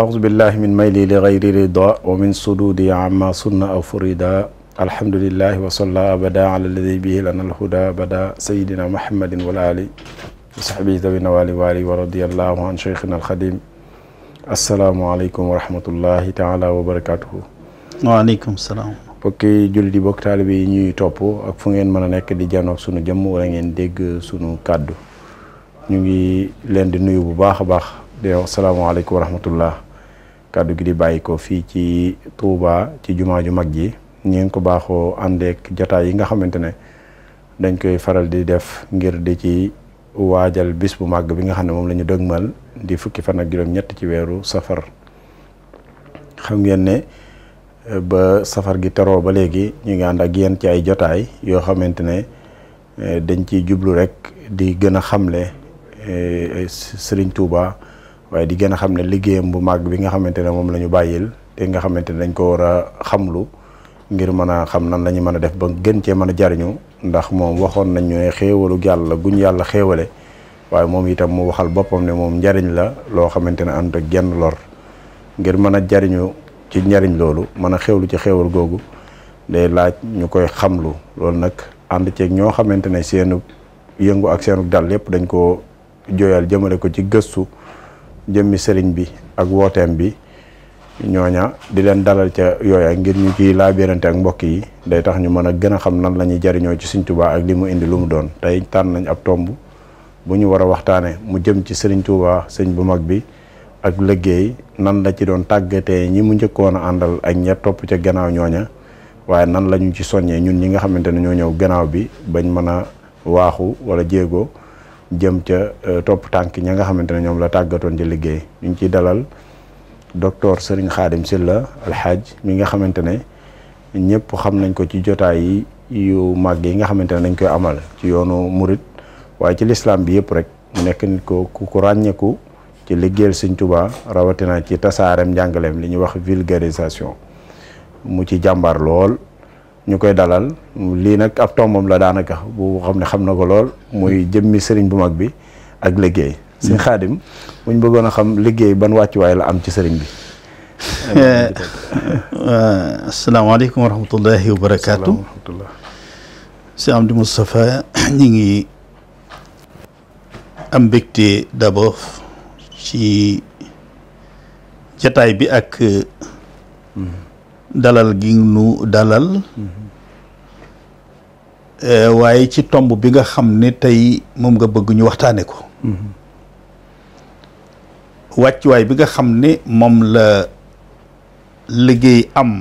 أعوذ بالله من ميلي لغير رضا ومن صدودي عما صنع أو فردا الحمد لله وصلى أبدا على الذي به لنا الهدى بدا سيدنا محمد والآل وصحبه ذوي النوال والي ورضي الله عن شيخنا الخديم السلام عليكم ورحمة الله تعالى وبركاته وعليكم السلام bokki julli di bokk taalibe yi ñuy topp ak fu ngeen mën a nekk di janoog sunu jëmm wala ngeen dégg sunu kàddu ñu ngi leen di nuyu bu baax a baax di wax salaamaaleykum wa rahmatullah kàddu gi di bàyyi ko fii ci Touba ci jumaa ju mag ji ñu ngeen ko baaxoo àndeek jataay yi nga xamante ne dañ koy faral di def ngir di ci waajal bis bu màgg bi nga xam ne moom lañu ñu dëgmal di fukki fan ak juróom-ñett ci weeru safar xam ngeen ne eh, ba safar gi teroo ba léegi ñu ngi ànd ak yéen ci ay jotaay yoo xamante ne eh, dañ ci jublu rek di gën a xamle eh, Serigne Touba. waaye di gën a xam ne liggéeyam bu màgg bi nga xamante ne moom la ñu bàyyil te nga xamante ne dañ ko war a xamlu ngir mën a xam nan lañu mën a def ba gën cee mën a jariñu ndax moom waxoon nañ ñu ne xéewalu yàlla guñ yàlla xéewale waaye moom itam mu waxal boppam ne moom njariñ la loo xamante ne ànd ak genn lor ngir mën a jariñu ci njariñ loolu mën a xéewlu ci xewal googu day laaj ñu koy xamlu loolu nag ànd ceeg ñoo xamante ne seenu yëngu ak seenu dal lépp dañ ko jooyal jëmale ko ci gëstu jëmmi sëriñ bi ak wooteem bi ñooña di leen dalal ca yooya ngir ñu ciy laabirante ak mbokk yi day tax ñu mën a gën a xam nan la ñuy jariñoo ci Sëriñ Tuubaa ak li mu indi lu mu doon tey tànn nañ ab tomb bu ñu war a waxtaane mu jëm ci Sëriñ Tuubaa sëñ bu mag bi ak liggéey nan la ci doon tàggatee ñi mu njëkkoon a àndal ak ña topp ca gannaaw ñooña waaye nan lañu ci soññee ñun ñi nga xamante ne ñoo ñëw gannaaw bi bañ mën a waaxu wala jéego jëm ca euh, topp tànk ña nga xamante ne ñoom la tàggatoon ci liggéey ñu ngi ciy dalal docteur Serigne Khadim Silla alxaaj mi nga xamante ne ñëpp xam nañ ko ci jotaay yu màgg yi nga xamante ne dañ koy amal ci yoonu murit waaye ci lislaam bi yëpp rek mu nekk nit ko ku ràññeeku ci liggéeyal Sëñ Tuubaa rawatina ci tasaareem njàngaleem li ñuy wax vulgarisation mu ci jàmbaar lool ñu koy dalal lii nag ab tombam la daanaka bu xam ne xam na ko lool muy jëmmi sëriñ bu mag bi ak liggéey sëñ xaadim muñ bëggoon a xam liggéey ban wàccuwaay la am ci sëriñ bi asalaamaaleykum wa rahmatullahi wa barakaatu ngi am mbégte d'abord ci jataay bi ak mm-hmm. dalal gi nu dalal eh, waaye ci tomb bi nga xam ne tey moom nga bëgg ñu waxtaane ko wàccuwaay bi nga xam ne moom la liggéey am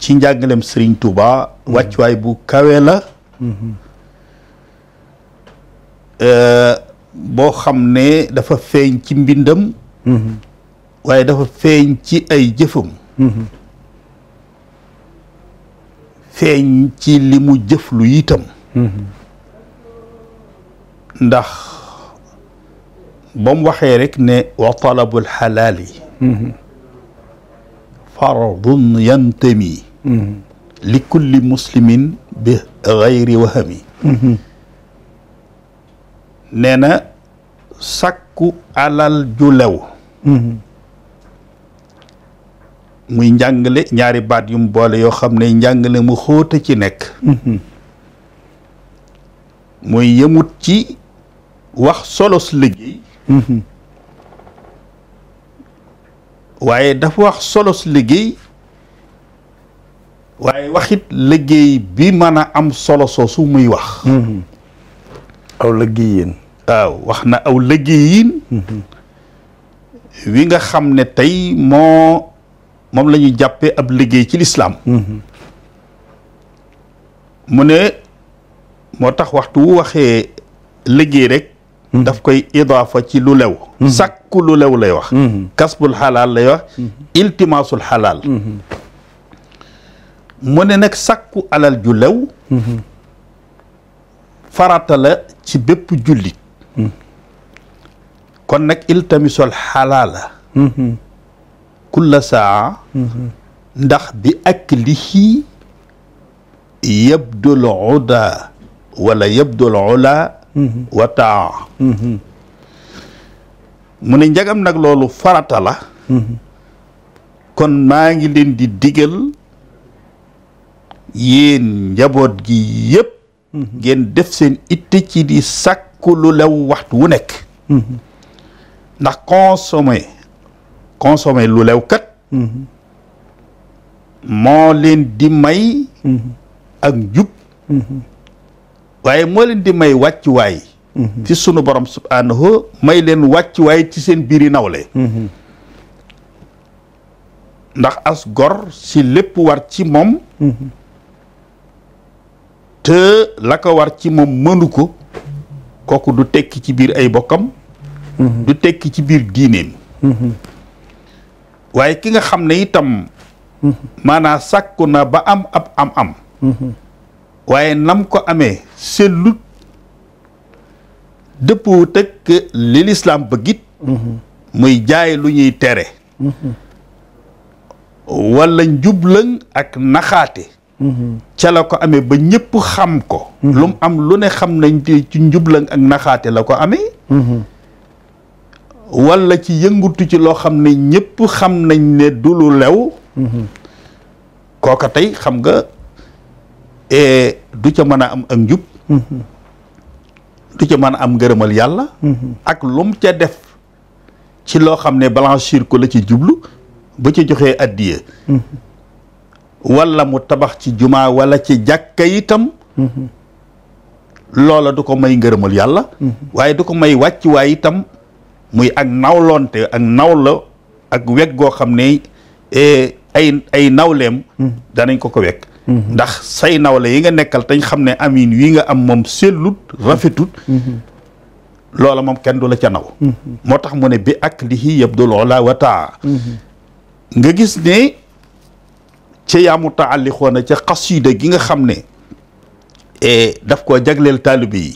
ci njàngaleem Serigne Touba wàccuwaay bu kawe la eh, boo xam ne dafa feeñ ci mbindam mm-hmm. waaye dafa feeñ ci ay jëfam mm-hmm. feeñ ci li mu jëflu itam ndax ba mu waxee rekk ne wa talabul xalaali fardun yantami li kulli muslimin bi gayri wahami nee na sakku alal ju lew muy njàngale ñaari baat yu boole yoo xam ne njàngale mu xóota ci nekk mm-hmm. muy yëmut ci wax solos liggéey mm-hmm. waaye dafa wax solos liggéey waaye waxit liggéey bi mën a am solo soosu muy wax mm-hmm. aw liggéeyin waaw wax na aw liggéeyin wi nga xam ne tey moo moom lañuy jàppee ab liggéey ci lislaam mu ne moo tax waxtu wu waxee liggéey rek daf koy idaafa ci lu lew sàkku lu lew lay wax kasbul xalaal lay wax iltimaasul xalaal mu ne nag sàkku alal ju lew farata la ci bépp jullit kon nag iltamisul xalaala kulla saa mhm. ndax bi ak lihi yabdul uda wala yabdul ula mhm. wa taa mhm. mu ne njagam nag loolu farata la kon maa ngi leen di digal yéen njaboot gi yépp ngeen def seen itte ci di sàkku lu lew waxtu wu nekk ndax consommer consommer lu lew kat mm-hmm. moo leen di may mm-hmm. ak njub mm-hmm. waaye moo leen di may wàccuwaay ci sunu borom subhaanahu may leen wàccuwaay ci seen biir biiri nawle ndax as gor si lépp war ci moom te la ko war ci moom mënu ko kooku du tekki ci biir ay bokkam du tekki ci biir diineem waaye ki nga xam ne itam maanaam sàkku na ba am ab am am waaye nam ko amee sellut dëppoo tëkk li lislaam bëggit muy jaay lu ñuy tere wala njublëng ak naxaate ca la ko amee ba ñëpp xam ko lu mu am lu ne xam nañ ci njublëng ak naxaate la ko amee walla ci yëngutu ci loo xam ne ñëpp xam nañ ne du lu lew mhm. kooka tey xam nga e du ca mën a am ak njub mhm. du ca mën a am ngërëmal yàlla mhm. ak lum ca def ci loo xam ne blanchir ko la ci jublu ba ci joxee addiya walla mu tabax ci jumaa walla ci jàkka itam loola du ko may ngërëmal yàlla waaye du ko may wàcc waay itam muy ak nawlonte ak nawla ak weg goo xam ne eh, ay ay nawleem hmm. danañ ko ko wekk hmm. ndax say nawle yi nga nekkal tañ xam ne amin yi nga am moom sellut rafetut hmm. loola moom kenn du la ca naw moo tax mu ne bi ak lihi yabdul du wa taa nga gis ne ca yaamu taallixoona ca xasida gi nga xam ne eh, daf koo jagleel taalibe yi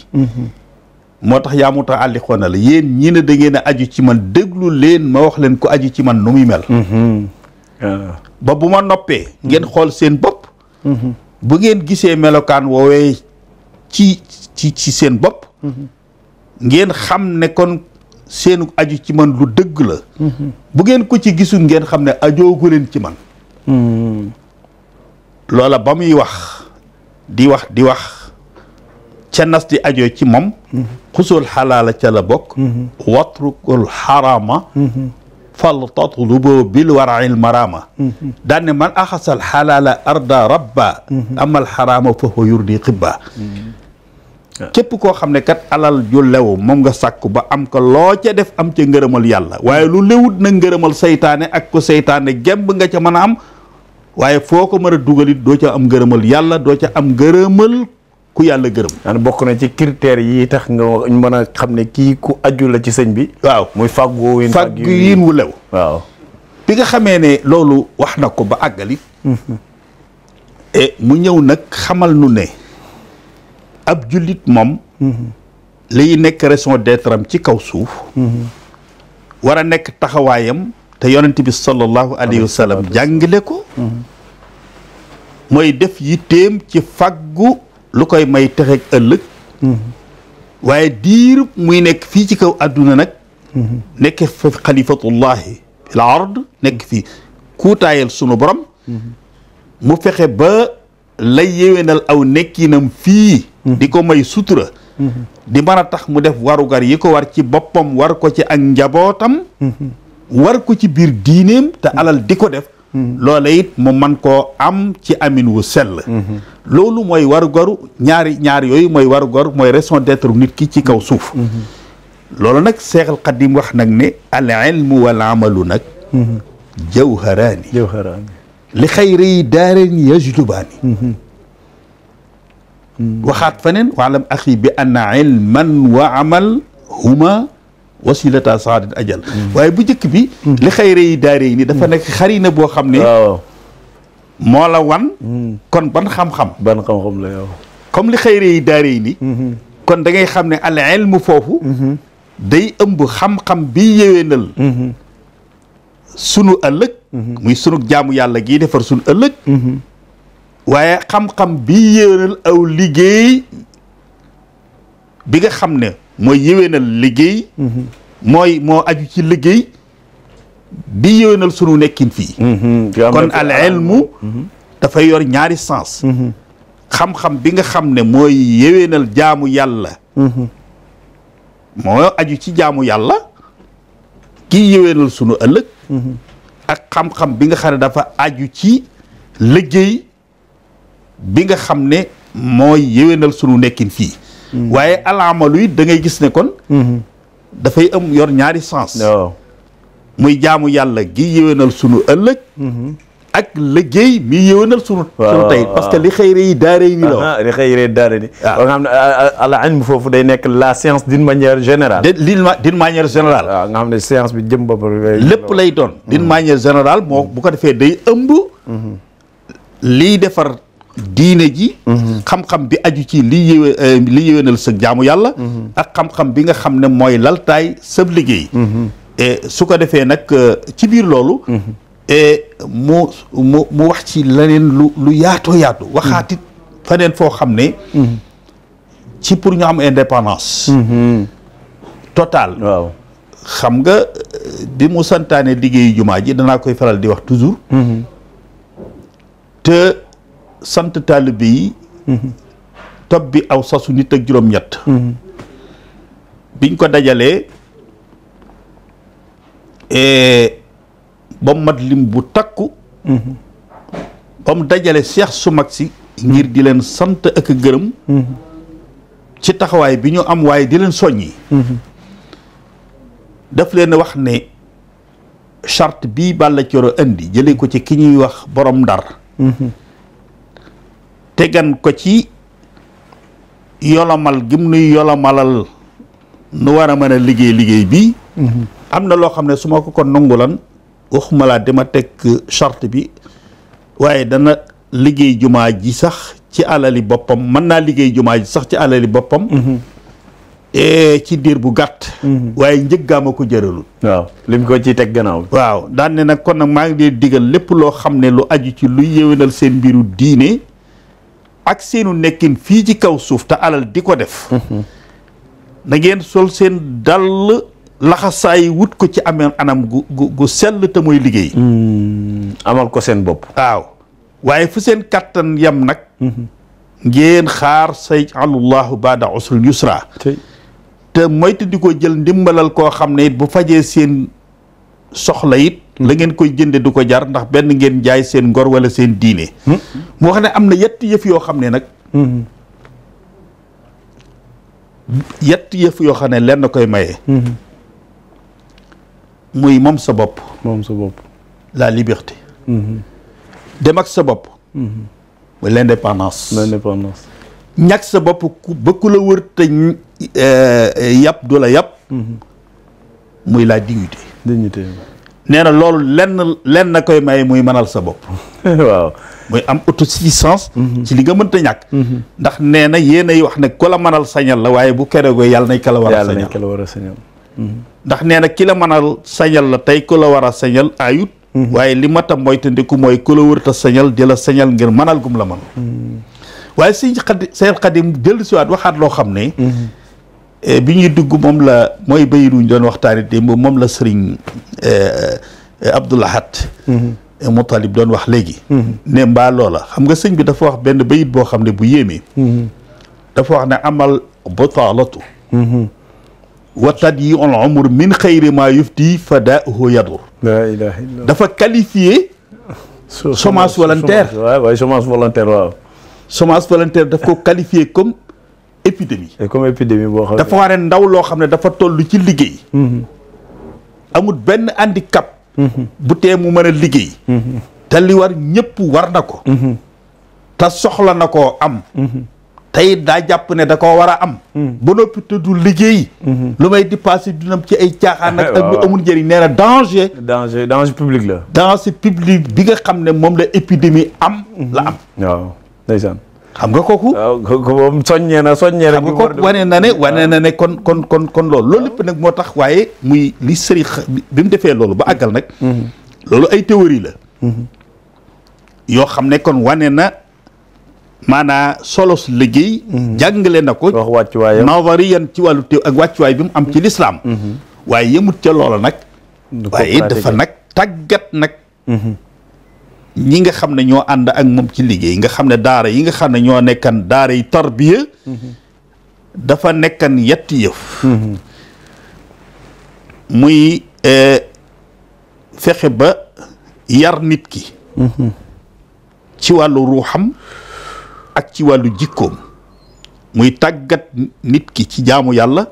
moo tax yaa mu tax àllixoona la yéen ñi ne da aju ci man déglu leen ma wax leen ko aju ci man nu muy mel mm-hmm. ba bu ma noppee ngeen xool seen bopp mm-hmm. bu ngeen gisee melokaan woowee ci ci ci seen bopp mm-hmm. ngeen xam ne kon seenu aju ci man lu dëgg la bu ngeen ko ci gisul ngeen xam ne ajoogu leen ci man loola ba muy wax di wax di wax ca nas di ajoo ci moom xusul xalaala ca la bokk watrukul xarama fal tatlubu bil wara'il marama daanne man axasal xalaala arda rabba amal xarama fa huwa yurdi xibba képp koo xam ne kat alal ju lew nga sàkku ba am ko loo ca am ca ngërëmal yàlla waaye lewut na ngërëmal saytaane ak ko saytaane gemb nga ca mën a am waaye foo ko mën a dugalit doo ca am ngërëmal yàlla doo ca am ngërëmal ku yàlla gërëm an bokk na ci critères yi tax nga mën a xam ne kii ku aju la ci señ bi waaw muy fàggu yin fàggu yin wu lew waaw bi nga xamee ne loolu wax na ko ba àggali mhm. e mu ñëw nag xamal nu ne ab jullit moom mhm. liy nekk raison d'être ci kaw suuf mhm. war a nekk taxawaayam te yonent bi sallallahu alayhi wa sallam jàngale ko mooy def yitteem ci fàggu lu koy may texeeg ëllëg waaye diir muy nekk fii ci kaw àdduna nag nekk fa xalifatullahi fil ard nekk fii kuutaayal sunu borom mu fexe ba lay yéwénal aw nekkinam fii di ko may sutura di mën a tax mu def warugar yi ko war ci boppam war ko ci ak njabootam mm-hmm. war ko ci biir diineem te alal di ko def loola it mu man koo am ci amin wu sell loolu mooy waru goru ñaari ñaar yooyu mooy waru gor mooy raison d'être nit ki ci kaw suuf loolu nag seexal xadim wax nag ne al ilmu wal amalu nag jawharaani jawharaani li xayri daareen yajlubaani mm-hmm. Mm-hmm. waxaat feneen waalam axi bi anna ilman wa amal huma wasilata saadit ajal mm-hmm. waaye bu njëkk bi mm-hmm. li xayre yi daare yi ni dafa mm-hmm. nekk xarina boo xam ne moo la wan kon ban xam-xam ban xam-xam la yow comme li xayre yi daare yi ni kon da ngay xam ne al ilmu foofu day ëmb xam-xam bi yéwénal sunu ëllëg muy sunu jaamu yàlla gii defar sunu ëllëg waaye xam-xam bi yéwénal aw liggéey bi nga xam ne mooy yéwénal liggéey mhm. mooy moo aju ci liggéey bi yéwénal sunu nekkin fii mhm. kon al ilmu mhm. dafay yor ñaari sens xam-xam bi nga xam ne mooy yéwénal jaamu yàlla moo aju ci jaamu yàlla kii yéwénal sunu ëllëg ak xam-xam bi nga xam ne dafa aju ci liggéey bi nga xam ne mooy yéwénal sunu nekkin fii waaye alaamalu yi da ngay gis ne kon mhm. dafay am yor ñaari sens muy jaamu yàlla gi yéwénal sunu ëllëg mhm. ak léggéey mi yéwénal sunu sunu tey parce que li xëyre yi daare yi la xëyre daare ni waaw nga xam ne al ilm foofu day nekk la science d'une manière générale d'une manière générale waaw nga xam ne science bi jëm bopp lépp lay doon d'une mhm. manière générale moo bu ko defee day ëmb liy defar diine ji mhm. xam-xam bi aju ci li yëwé eh, li yëwénal sa jaamu yàlla mhm. ak xam-xam bi nga xam ne mooy laltaay sab liggéey mhm. eh, su ko defee nag eh, ci biir loolu mu mu wax ci leneen lu lu yaatoo yaatu waxaatit faneen foo xam ne ci pour ñu am indépendance total xam nga di mu santaane liggéeyu jumaa ji danaa koy faral di wax toujours te sant taalibe yi mhm. topp bi aw sasu nit ak juróom-ñett mhm. biñ ko dajalee e, ba mu mat lim bu takku mhm. ba mu dajale seex su mag si ngir di leen sant ak gërëm ci taxawaay bi ñu am waaye di leen soññi daf leen wax ne charte bii Balla Coro indi jële ko ci ki ñuy wax borom ndar tegan ko ci yolomal gim nuy yolomalal nu war a mën a liggéey liggéey bi mm-hmm. am na loo xam ne su ma ko ko nangulan waxuma laa dama teg charte bi waaye dana liggéey jumaa ji sax ci alali boppam mën naa liggéey jumaa ji sax ci alali boppam mm-hmm. eh, ci diir bu gàtt mm-hmm. waaye a ko jëralul waaw lim ko ci teg gannaaw waaw daan ne nag kon nag maa ngi leen digal lépp loo xam ne lu aju ci luy yéwénal seen mbiru diine ak seenu nekkin fii ci kaw suuf te alal di ko def mhm. na ngeen sol seen dal laxasaay wut ko ci amee anam gu gu gu sell te mooy liggéey hmm, amal ko seen bopp waaw waaye fu seen kàttan yam nag mhm. ngeen xaar say allahu baada usrul yusra te moytu di ko jël ndimbalal koo xam ne it bu fajee seen soxla yit la ngeen koy jënde du ko jar ndax benn ngeen jaay seen ngor wala seen diine moo xam ne am na yett yëf yoo xam ne nag hmm. yett yëf yoo xam ne lenn koy maye hmm. muy moom sa bopp moom sa bopp la liberté hmm. dem ak sa bopp muy l'indépendance l'indépendance sa bopp ku ba ku la wër te eh, eh, yàpp du la yàpp muy la dignité nee na loolu lenn lenn na koy may muy manal sa bopp. waaw muy am autosuffisance. ci li nga mënta ñàkk. ndax nee na yéen ay wax ne ku la mënal sañal la waaye bu keroogee yàlla nañ ka la war a. sañal yàlla war a sañal. ndax nee na ki la mënal sañal la tey ku la war a sañal ayut. waaye li mat a moytandiku mooy ku la wërta sañal di la sañal ngir mënal gum la mën. Mm. waaye sëñ Xadim sëñ Xadim dellusiwaat waxaat loo xam ne. Mm-hmm. Eh, bi ñuy dugg moom la mooy bayit wuñ doon waxtaanee démb moom la sëriñ eh, eh, Abdou Lahat Moutalib mhm. doon wax léegi mhm. ne mbaa loola xam nga sëñ bi dafa wax benn bayit boo xam ne bu yéemee mhm. dafa wax ne amal bataalatu wa yi al umr min xayri ma yufti fadaahu yadur la dafa qualifié chômage volontaire waaw volontaire waaw ko qualifié comme épidémie. comme épidémie boo xam ne dafa waree ndaw loo xam ne dafa toll ci liggéey. Mm-hmm. amul benn handicap. Mm-hmm. bu tee mu mën a liggéey. Mm-hmm. te li war ñëpp war na ko. te soxla na ko am. tey daa jàpp ne da ko war a am. ba noppi te du liggéey. lu may di passé dunam ci ay caaxaan ak ak lu amul njëriñ nee na danger. danger danger public la. danger public bi nga xam ne moom la épidémie am. la am waaw xam nga kooku. moom soññee na soññee na. ko nga wane na ne wane na ne kon kon kon kon loolu. loo lépp nag moo tax waaye muy li sëriñ bi mu defee loolu ba àggal nag. Mm-hmm. loolu ay théorie la. Mm-hmm. yoo xam ne kon wane na maanaa solos liggéey. Mm-hmm. jàngale na ko. wax wàccuwaayam nawariyan ci wàllu teew ak wàccuwaay bi mu am ci lislaam waaye yemut ca loola nag. waaye dafa nag tàggat nag. ñi nga xam ne ñoo ànd ak moom ci liggéey nga xam ne daara yi nga xam ne ñoo nekkan daara yi tarbiya dafa nekkan yetti yëf muy eh, fexe ba yar nit ki ci wàllu ruuxam ak ci wàllu jikkoom muy tàggat nit ki ci jaamu yàlla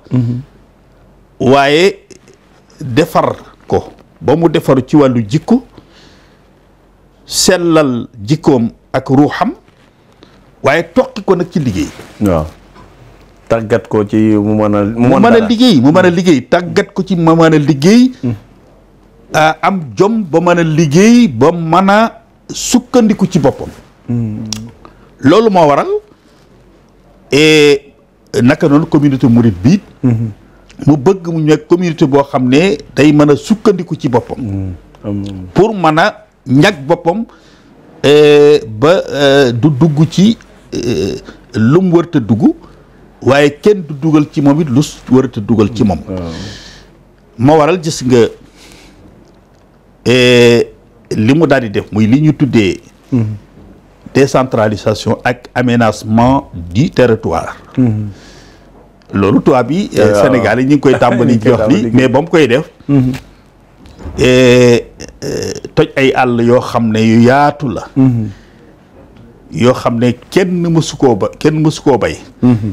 waaye defar ko ba mu defaru ci wàllu jikko sellal jikkoom ak ruuxam waaye toqi ko nag ci liggéey waaw tàggat ko ci mu mën a liggéey mu mën a mm. liggéey tàggat ko ci mu mën a liggéey mm. ah, am jom ba mën a liggéey ba mën a sukkandiku ci boppam mm. loolu moo waral eh, naka noonu communité murid bi mm-hmm. mu bëgg mu nekk communauté boo xam ne tey mën a sukkandiku ci boppam pour mën a ñag boppam euh, ba euh, du dugg ci euh, lum wërta dugg waaye kenn du dugal ci moom it lu wërta dugal ci moom waral gis nga li mu daal di def muy li ñu tuddee mhm. décentralisation ak aménagement du territoire mhm. loolu toit yi Sénégal yi ñu ngi koy tàmbali jox li mais ba mu koy def mhm. toj ay àll yoo xam ne yu yaatu la mm-hmm. yoo xam ne kenn mësu koo ba kenn mësu koo bay mm-hmm.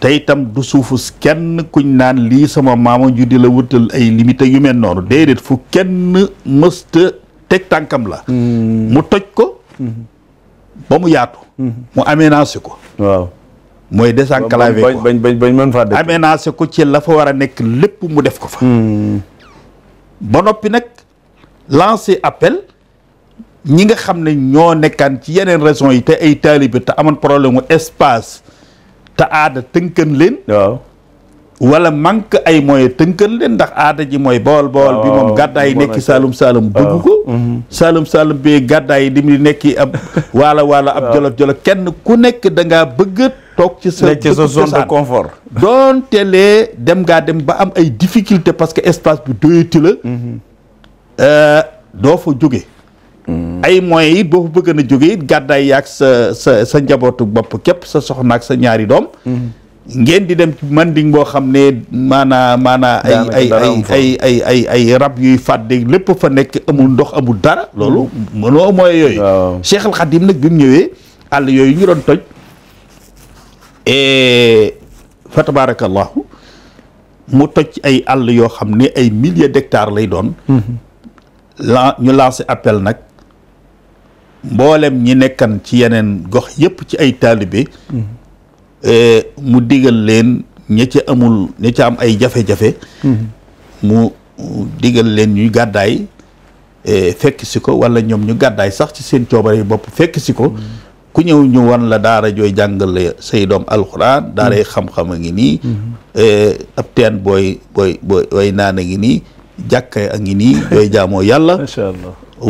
te itam du suufu kenn kuñ naan lii sama maama ju di la wutal ay limite yu mel noonu déedéet fu kenn mësta teg tànkam la mm-hmm. mu toj ko ba mu yaatu mu aménagé ko waaw mooy désenclavé ko bañ bañ bañ mën ko ci la fa war a nekk lépp mu def ko fa ba noppi nag lancé appel ñi nga xam ne ñoo nekkaan ci yeneen raison yi te ay taalibe te amoon problème mu espace te aada tënkan leen. waaw wala ay moyens tënkan leen ndax aada ji mooy bool bool bi moom gàddaay nekki Saalum Saalum bëgg ko. Mhm. Saalum Saalum bi gàddaay di muy nekki ab. waalo waalo ab jolof jolof kenn ku nekk da ngaa bëgg toog ci sa ci sa zone de confort. doon telee dem ngaa dem ba am ay difficulté parce que espace bi doyati la. Mhm. Euh, doo fa jóge ay moyens it boo fa bëgg na jóge it gàddaay yaag sa sa sa njabootu bopp képp sa soxna ak sa ñaari doom mm-hmm. ngeen di dem ci manding boo xam ne maanaa maanaa ay ay ay ay ay ay rab yuy fàdde lépp fa nekk amul ndox amul dara loolu mm-hmm. mënoo mooy yooyu Cheikh Al nag bi mu ñëwee àll yooyu ñu doon toj e, fa tabarakallahu mu toj ay àll yoo xam ne ay milliers d'hectares lay doon mm-hmm. la ñu lancé appel nag mboolem ñi nekkan ci yeneen gox yépp ci ay taalibe eh, mu digal leen ña ca amul ña ca am ay jafe-jafe mu digal leen ñuy gàddaay eh, fekk si ko wala ñoom ñu gàddaay sax ci seen coobare bopp fekk si ko ku ñëw ñu wan la daara jooy jàngale say doom alxuraan daaray xam-xam a ngi nii eh, ab teen booy booy booy naan a ngi nii jàkkee a ngi nii yooyu jaamoo yàlla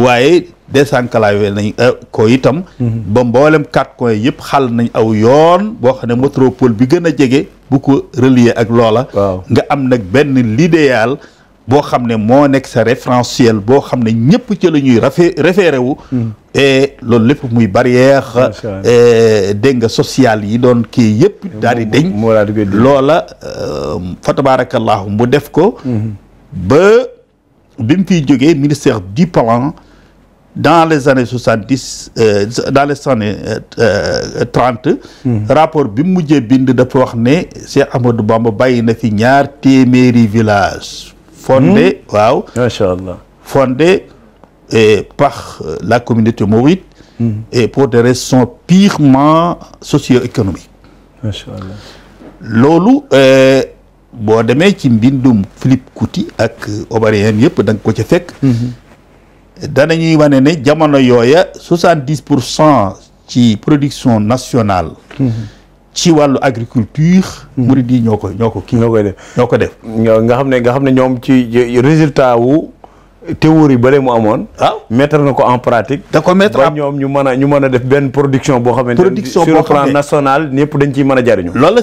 waaye désenclavé nañ euh, ko itam mhm. ba mboolem quatre coins yëpp xal nañ aw yoon boo xam ne métropole bi gën a jege bu ko relier ak loola nga am nag benn l'idéal boo xam ne moo nekk sa référentiel boo xam ne ñëpp ci la ñuy rafé référé wu mhm. et loolu lépp muy barrière euh, dégg nga sociale yi doon kii yëpp daal di deñ loola euh, fa tabarakallahu mu def ko mhm. ba bi mu fi jógee ministère du plan dans les années soixante dix euh, dans les années euh, euh, trente. Hmm. rapport bi mu mujjee bind dafa wax ne Cheikh Amadou Bamba bàyyi na fi ñaar téeméeri village fondé hmm. waaw. macha allah fondé par la communauté mouride. Hmm. et pour des raisons purement socio-économiques. macha allah loolu. boo demee ci mbindum Philippe Couti ak Obarien yëpp da nga ko ca fekk dana mhm. danañuy wane ne jamono yooya soixante dix pour cent ci production nationale mhm. ci wàllu agriculture mhm. murid yi ñoo ko ñoo ko kii ñoo ko def ñoo ko def nga xam ne nga xam ne ñoom ci résultat wu théorie bale mu amoon. waaw mettre na ko en pratique. da ko mettre ba ñu mën a ñu mën a def benn production boo xamante ne sur le plan national ñëpp dañ ciy mën a jariñu. loolu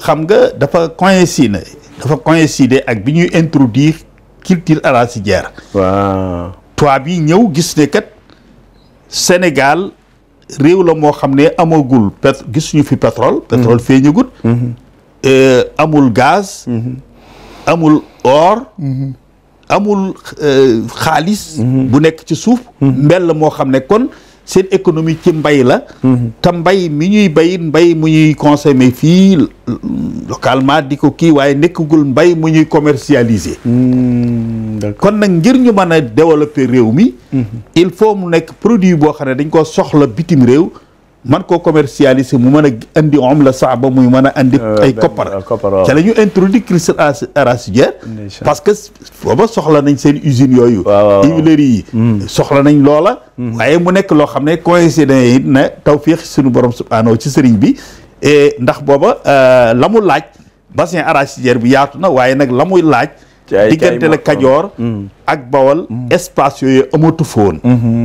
xam nga dafa coïncider dafa coïncider ak bi ñuy introduire culture arachidière. waaw tubaab yi ñëw gis ne kat Sénégal réew la moo xam ne amagul pét gisuñu fi pétrole. pétrole mhm. feeñagut. Mhm. Euh, amul gaz. Mhm. amul or. amul euh, xaalis. Mhm. bu nekk ci suuf. Mhm. mbell moo xam ne kon seen économie ci mbay la. Mhm. ta mbay mi ñuy bay mbay mu ñuy consommer fii localement di ko kii waaye nekkagul mbay mu ñuy commercialiser. Hmm, kon nag ngir ñu mën a développer réew mi. il faut mu nekk produit boo xam ne dañ ko soxla bitim réew. man koo commercialiser mu mën a andi om la saaba muy mën a andi euh, ay koppar ca la ñu introduire cristal arachidière parce que booba soxla nañ seen usines yooyu huileries yi hmm. soxla nañ loola hmm. waaye mu nekk loo xam ne coïncidence it na tawfiix suñu borom subhaanahu ci sëriñ bi ndax booba euh, la mu laaj bassin arachidière bi yaatu na waaye nag la muy laaj diggante la kajoor hmm. ak bawal espace yooyu amatu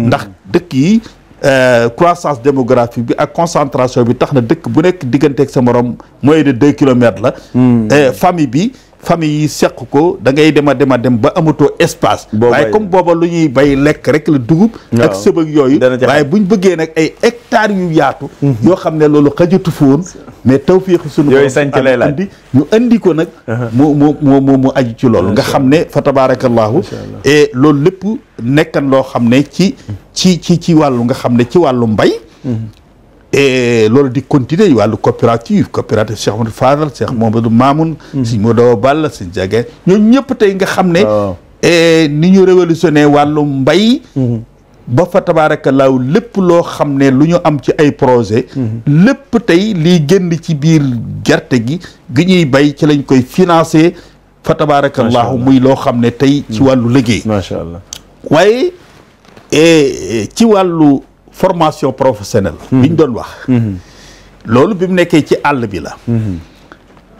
ndax dëkk yi Euh, croissance démographique bi ak concentration bi tax na dëkk bu nekk digganteeg sa morom moyen de deux kilomètres la hmm. famille bi famille yi seq ko da ngay dem a dem a dem ba amatoo espace. waaye comme booba lu ñuy bay lekk rek la dugub. ak sëbëg yooyu. waaye bu ñu bëggee nag ay hectares yu yaatu. Mhm. yoo xam ne loolu xajatu foon. mais taw féexu sunu. yooyu sanc lay laaj andi ñu andi ko nag. Uh-huh. mu mu mu mu aju ci loolu. nga xam ne fa tabaarakallaahu et loolu lépp nekkan loo xam ne ci ci ci ci wàllu nga xam ne ci wàllu mbay. Mhm. loolu di continuer wàllu coopérative coopérative Cheikh Amadou Fadal Cheikh Mamadou Mamoun hmm. si Modowa Balla Sëñ Jagaay ñoom ñëpp tey nga xam ne ah. ni ñu révolutionné wàllu mbay hmm. ba fa tabaarakallaahu lépp loo xam ne lu ñu am ci ay projet hmm. lépp tey liy génn ci biir gerte gi gi ñuy bay ci lañ koy financé fa tabaarakallaahu muy loo xam ne tey ci wàllu liggéey macha allah waaye ci wàllu formation professionnelle. Mhm. bi ñu doon wax. Mhm. loolu bi mu nekkee ci àll bi la. Mhm.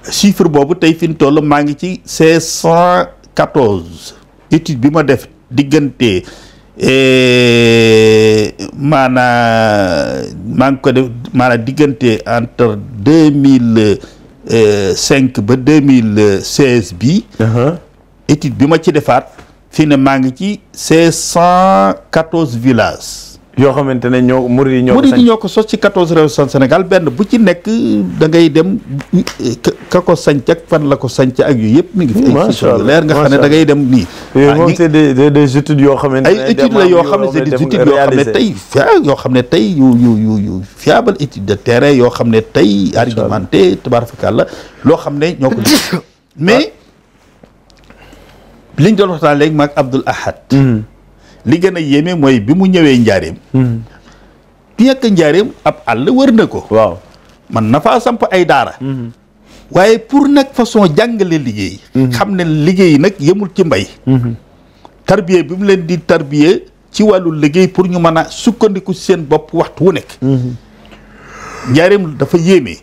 chiffre boobu tey fi mu toll maa ngi ci c'est cent étude bi ma def diggante eh, maanaa maa ngi ko def maanaa diggante entre deux mille cinq ba deux mille seize bi uh-huh. étude bi ma ci defaat fii ne maa ngi ci c'est cent quatorze yoo xamante ne ñoo murid yi ñoo ko murid yi ñoo ko sos ci 14 réew Sénégal benn bu ci nekk da ngay dem ka ko sanc fan la ko sanc ak yu yëpp mi ngi leer nga xam ne da ngay dem nii yooyu ah, moom c'est des des études yoo xamante ne ay études la yoo xam ne c'est des études yoo xam ne tey fia yoo xam ne fiable étude de terrain yoo xam ne tey argumenté tabaarkalla loo xam ne ñoo ko mais liñ doon waxtaan léegi maag Abdoul Ahad hmm. li gën a yéeme mooy bi mu ñëwee njaareem hmm. bien que njaareem ab àll wër na ko waaw man na faa samp ay daara hmm. waaye pour nag façon jàngale liggéey hmm. xam ne liggéey nag yemul ci mbay tarbiye bi mu leen di tarbiye ci wàllu liggéey pour ñu mën a sukkandiku seen bopp waxtu wu nekk njaareem dafa yéeme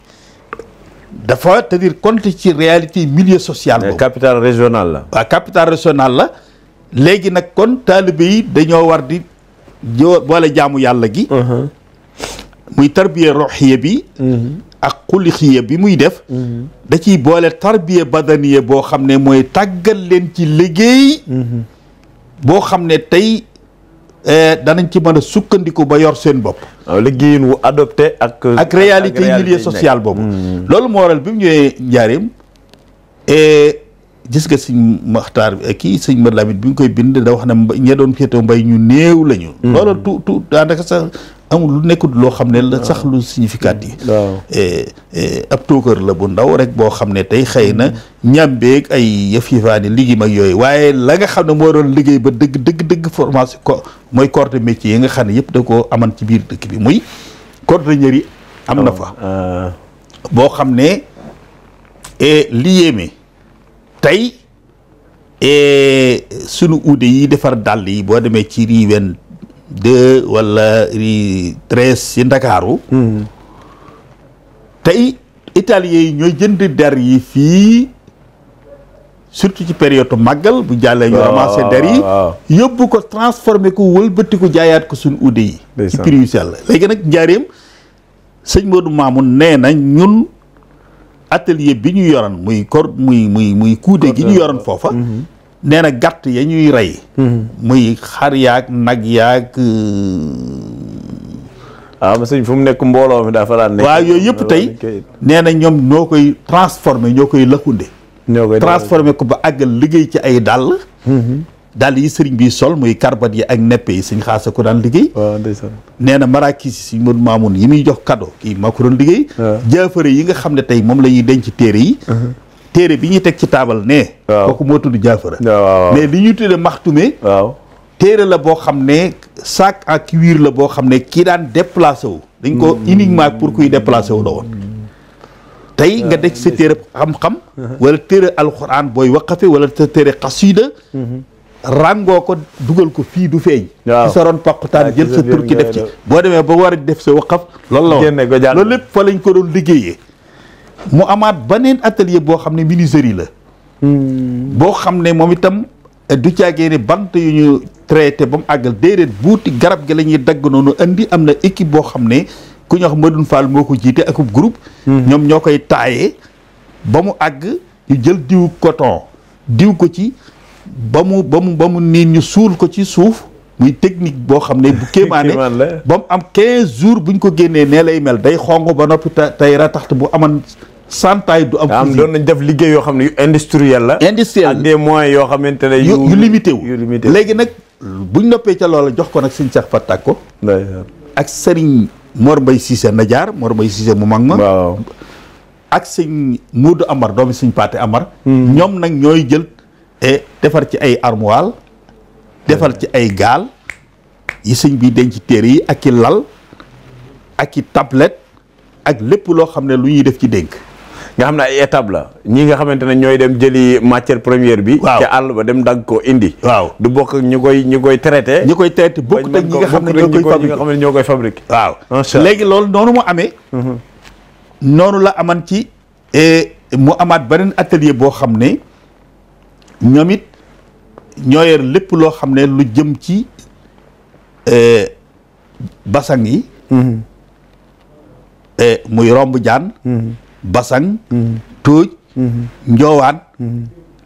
dafa c'est-à-dire ci réalité milieu social boobu capital régional la waaw capital régional la léegi nag kon taalibe yi dañoo war di jo boole jaamu yàlla gi uh-huh. muy tarbiya ruhiya bi mm-hmm. ak xulixiya bi muy def mm-hmm. da ciy boole tarbiya badaniya boo xam ne mooy tàggal leen ci liggéey mm-hmm. boo xam ne tey eh, danañ ci mën a sukkandiku ba yor seen bopp waaw liggéeyin adopté ak ak social boobu loolu moo waral bi mu ñëwee njaarim eh, gis nga sëñ Maxtaar kii sëñ Mad Lamin bi ñu koy bind da wax ne ña doon féetoo mbay ñu néew lañu. Hmm. loolu tu tu daanaka sax amul lu nekkut loo xam ne la ah. sax lu significatif hmm. eh, eh, ab tookër la bu ndaw rek boo xam ne tey xëy na hmm. ñàmbeeg ay yëf yëfaani liggéey mag yooyu waaye la nga xam ne moo doon liggéey ba dëgg dëgg dëgg formation ko mooy corps de métier yi nga xam ne yëpp da koo aman ci biir dëkk bi muy cordonnier yi am na oh, fa ah. boo xam ne eh, li yéeme tey sunu uude yi defar dàll yi boo demee ci rue vingt deux wala rue ci Ndakaaru hmm. tey italiens yi ñooy jënd der yi fii surtout ci période màggal bu jàllee ñu ramassé der yi yóbbu ko transformé ko wëlbati jaayaat ko suñu uude yi léegi nag njaareem sëñ Modou Mamoun nee na ñun atelier bi ñu yoroon muy cor muy muy muy kuute gi ñu yoroon foofa mhm. nee na gàtt ya ñuy rey mhm. muy xar yaag nag yaag waaw euh, ah, mais sëñ fu mu nekk mbooloo mi dafa daan nekk waaw yooyu yëpp tey nee na ñoom ñoo koy transformé ñoo koy lëkkunde ñoo transformé ko ba àggal liggéey ci ay dàll mhm. dàll yi sëriñ bi sol muy karbat yi ak neppe yi suñ xaasa ko daan liggéey nee na maraakis yi suñ mën maamun yi muy jox kado kii maa ko doon liggéey jaafare yi nga xam ne tey moom la ñuy denc téere yi uh-huh. téere bi ñuy teg ci taabal nee kooku moo tudd jaafara mais li ñuy tudde maxtume waaw téere la boo xam ne sac à cuir la boo xam ne kii daan déplacé wu dañ ko mm. uniquement pour kuy déplacé wu la woon mm. tey nga ah, deg sa téere xam-xam uh-huh. wala téere alxuraan booy waqafe wala sa téere xasiida mm-hmm. rangoo ko dugal ko fii du feeñ ci sa ron paqutaan ah, jël sa tur ki def ci boo demee ba war a def sa waqaf loolu la woon loolu lépp fa lañ ko doon liggéeyee mu amaat ba beneen atelier boo xam ne menuiserie la hmm. boo xam ne moom itam eh, du caagee ne bant yu ñu traité ba mu àggal déedéet buuti garab gi la ñuy dagg noonu andi am na équipe boo xam ne ku ñuy wax Madoune Fall moo ko jiite akub groupe hmm. ñoom ñoo koy taayee ba mu àgg ñu jël diw coton diw ko ci ba mu ba mu ba mu niin ñu suul ko ci suuf muy technique boo xam ne bu kéemaane ba mu am 15 jours ñu ko génnee nee lay mel day xong ba noppi ta tey rataxt bu aman santaay du am. am doon nañ def liggéey yoo xam ne yu industriel la. industriel ak yoo xamante ne yu yu limité wu léegi nag buñ noppee ca loola jox ko nag sëñ Cheikh Fatak ko. ak sëriñ Mor Mbaye Cissé Nadiar Mor bay Cissé mu mag ma. ak sëñ Moudou Amar doomi sëñ Paate Amar. Hmm. ñoom nag ñooy jël. e defar ci ay armoire defar ci ay gaal yi bii bi denc téere yi ak i lal ak i tablette ak lépp loo xam ne lu ñuy def ci dénk nga xam ne ay étape la ñi nga xamante ne ñooy dem jëli matière première bi waaw ca àll ba dem dagg ko indi waaw du bokk ak ñi koy ñi traité ñi koy traité bokk ak ñi nga xam ne ñoo koy ñoo waaw léegi lool noonu mu amee mm-hmm. noonu la aman ci eh, mu amaat beneen atelier boo xam ne ñoom it ñoo yor lépp loo xam ne lu jëm ci euh, basang yi mm-hmm. euh, muy romb jaan mm-hmm. basang mm-hmm. tóoj njoowaan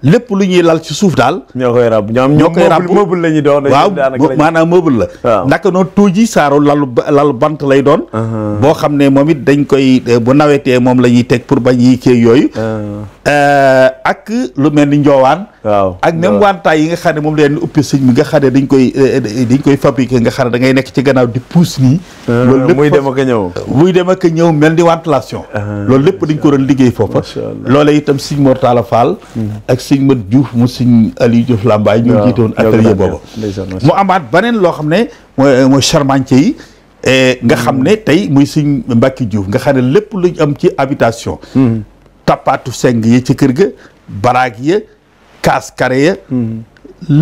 lépp lu ñuy lal ci suuf daal ñoo koy ràbb ñoom ñoo koy ràbb meuble la ñuy doon waaw maanaam meuble la naka noonu tóoj yi saaru lalu lalu bant lay doon uh-huh. boo xam ne moom it dañ koy bu nawetee moom la ñuy teg pour bañ yi kii yooyu uh-huh. euh, ak lu mel ni njoowaan ak même wantaay yi nga xam ne moom leen uppi sëñ bi nga xam ne dañ koy eh, dañ koy fabriqué nga xam ne da nekk ci gannaaw di pousse nii ah, loolu lépp muy dem ak a ñëw muy a ñëw mel ni ventilation ah, loolu lépp dañ ko doon liggéey foofa loola itam sëñ Mor Talla Fall mm-hmm. ak sëñ Mat Diouf mu sëñ Aliou Diouf Lambaye ñoo jiite woon atelier boobu mu amaat baneen loo xam ne mooy mooy charpentier yi eh, nga mm-hmm. xam ne tey muy sëñ Mbacke Diouf nga xam ne lépp lu am ci habitation mm-hmm. tappaatu seng yi ci kër ga baraag ya kaas kare ya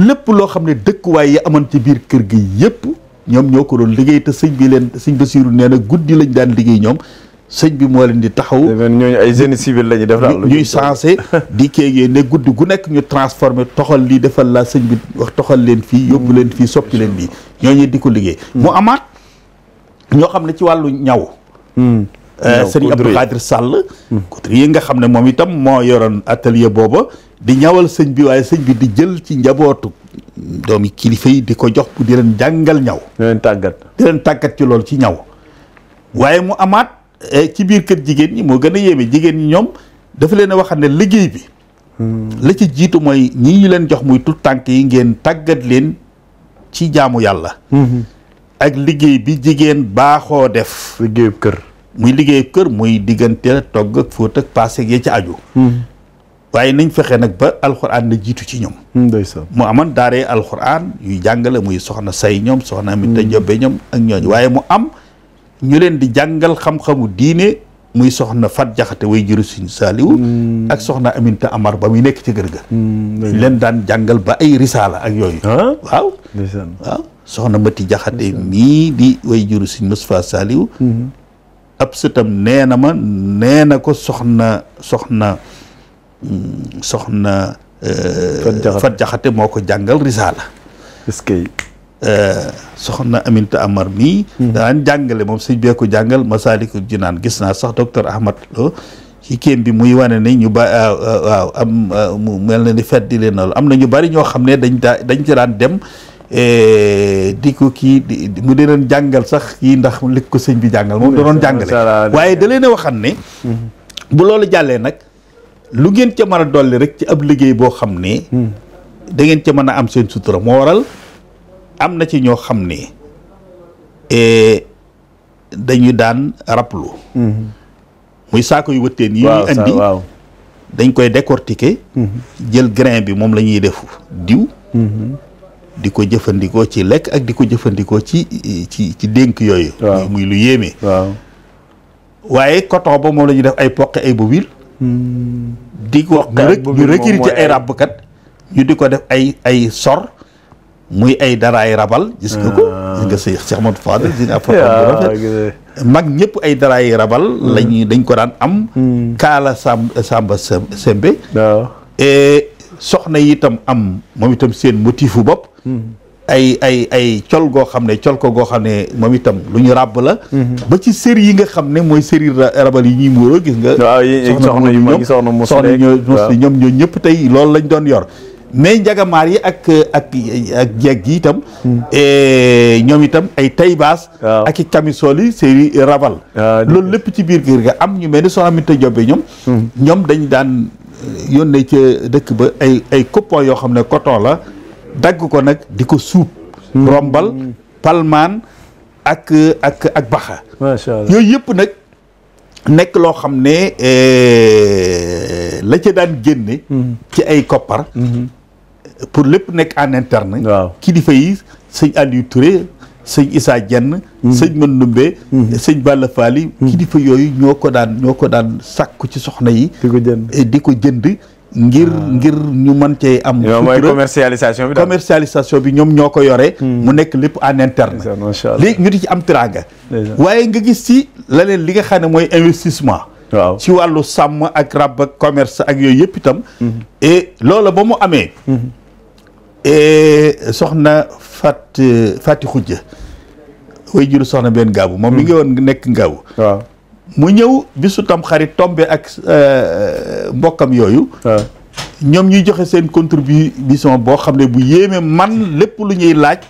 lépp loo xam ne dëkkuwaay yi amoon ci biir kër gi yëpp ñoom ñoo ko doon liggéey te sëñ bi leen sëñ Basiiru nee na guddi lañ daan liggéey ñoom sëñ bi moo leen di taxaw ñooñu ay génie civil lañuy def daal ñuy sensé di kéegee ne guddi gu nekk ñu transformé toxal lii defal la sëñ bi wax toxal leen fii yóbbu leen fii soppi leen lii mm. ñooñu di ko liggéey mu amaat ñoo xam ne ci wàllu ñaw mm. Euh, sëriñ Abdou Khadir sàll couturier nga xam ne moom itam moo yoroon atelier booba di ñawal sëñ bi waaye sëñ bi di jël ci njabootu doomi kilifa yi di ko jox bu di leen jàngal ñaw di leen tàggat di leen tàggat ci loolu ci ñaw waaye mu amaat eh, ci biir kër jigéen ñi moo gën a yéeme jigéen ñi ñoom dafa leen a waxal ne liggéey bi hmm. la ci jiitu mooy ñii ñu leen jox muy tul tànk yi ngeen tàggat leen ci jaamu yàlla hmm. ak liggéey bi jigéen baaxoo def kër muy liggéey kër muy diggante togg ak fóot ak paase ak ya ci ajo hmm. waaye nañ fexe nag ba alxuraan na jiitu ci ñoom hmm, mu amoon daaree alxuraan yuy jàngale muy soxna say ñoom soxna Aminta hmm. Jobe ñoom ak ñooñu waaye mu am ñu leen di jàngal xam diine muy soxna Fat Jaxate way juru suñu saaliwu ak soxna Aminta Amar ba muy nekk ci kër ga leen daan jàngal ba ay risaala ak yooyu waaw waaw soxna Mati Jaxate mii di way juru suñ Mustafaa Saaliwu ab sëtam nee na ma nee na ko soxna soxna soxna euh, fat jaxate moo ko jàngal risaala est-ce que euh, soxna aminta amar mii mhm. daan jàngale moom sëñ bee ko jàngal masaalikul jinaan gis naa sax docteur ahmad lo ci kéem bi muy wane ne ñu ba euh, waaw am mu mel na ni fedd di leen am na ñu bari ñoo xam ne dañ daa dañ ci daan dem E, di ko kii di mu dee doon jàngal sax kii ndax li ko sëñ bi jàngal moom da doon jàngale waaye da leen a waxan ne bu loolu jàllee nag lu ngeen ca mën a dolli rek ci ab liggéey boo xam ne hmm. da ngeen ca mën a am seen sutura moo waral am na ci ñoo xam ne e, dañu daan rapplu hmm. muy saako yu wëtteen yi ñuy andi dañ koy décortiquer hmm. jël grain bi moom lañuy ñuy def diw di ko jëfandikoo ci lekk ak di ko jëfandikoo ci ci ci dénk yooyu muy lu yéeme waaye coton ba moom lañu def ay poqe ay bobile hmm. di ko rek ñu recueillir ci ay ràbbkat ñu di ko def ay ay sor muy ay daraay rabal gis nga ko ah. gis nga sëñ Cheikh Modou nga photo ah, mag ñëpp ay daray rabal lañu hmm. dañ ko daan am hmm. kaala sam samba sembe soxna yi itam am moom itam seen motifu bopp ay ay ay col goo xam ne col ko goo xam ne moom itam lu ñu ràbb la mhm. ba ci séri yi nga xam ne mooy séri rabal yi ñuy muuroo gis nga soxna yu mag soxna mos soxna ñoo ñoom ñoo ñëpp tey loolu lañ doon yor mais njagamaar yi ak ak ak jeeg yi itam hmm. ñoom itam ay taybaas ak i camisole yi séri rabal loolu lépp ci biir kër ga am ñu mel ni soxna Aminta Jobe ñoom hmm. ñoom dañ daan yónnee ca dëkk ba ay ay coupons yoo xam ne coton la dagg ko nag di ko suub hmm. rombal hmm. palmaan ak ak ak baxa yooyu yëpp nag nekk loo xam ne eh, la ca daan génne hmm. ci ay koppar pour lépp nekk en interne kilifa yi sëñ Aliou Touré sëñ Issa Dieng sëñ mën mhm. Mandoumbe mhm. sëñ Balla Faali mhm. kilifa yooyu ñoo ko daan ñoo ko daan sàkku ci soxna yi di ko jënd eh, di ngir ah. ngir ñu mën cee am mooy commercialisation bi commercialisation bi ñoom ñoo ko yore hmm. mu nekk lépp en interne léegi ñu di ci am teraanga waaye nga gis ci la leen li nga xam ne mooy investissement waaw ci wàllu sàmm ak ràbb ak commerce ak yooyu yëpp itam hmm. et loola ba mu amee hmm. Eh, soxna Fat Fati Xujja way juru soxna benn gaabu moom mi ngi woon nekk ngaabu waaw mu ñëw bisu tam xarit tombe ak eh, mbokkam yooyu ñoom ñuy joxe seen contribution boo xam ne bu yéeme man lépp lu ñuy laaj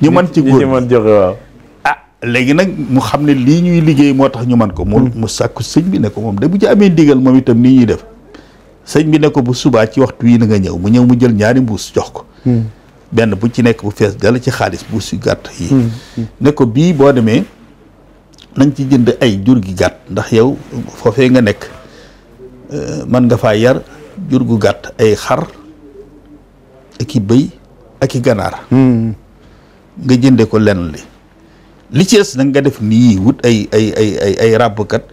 ñu man ci góor mën joxe ah, léegi nag mu xam ne lii ñuy liggéey moo tax ñu man ko mu hmm. mu sàkku sëñ bi ne ko moom de mu ci amee ndigal moom itam nii ñuy def sëñ bi ne ko bu subaa ci waxtu yi na nga ñëw mu ñëw mu jël ñaari mbuus jox ko benn bu ci nekk bu fees dala ci xaalis bu si gàtt yi hmm, hmm. ne bii boo demee nañ ci jënd ay jur gi gàtt ndax yow foofee nga nekk euh, man nga faa yar jur gu gàtt ay xar ak i bëy ak i ganaar hmm. nga jënde ko lenn li li ci des nag nga def nii wut ay ay ay ay ay ràbbkat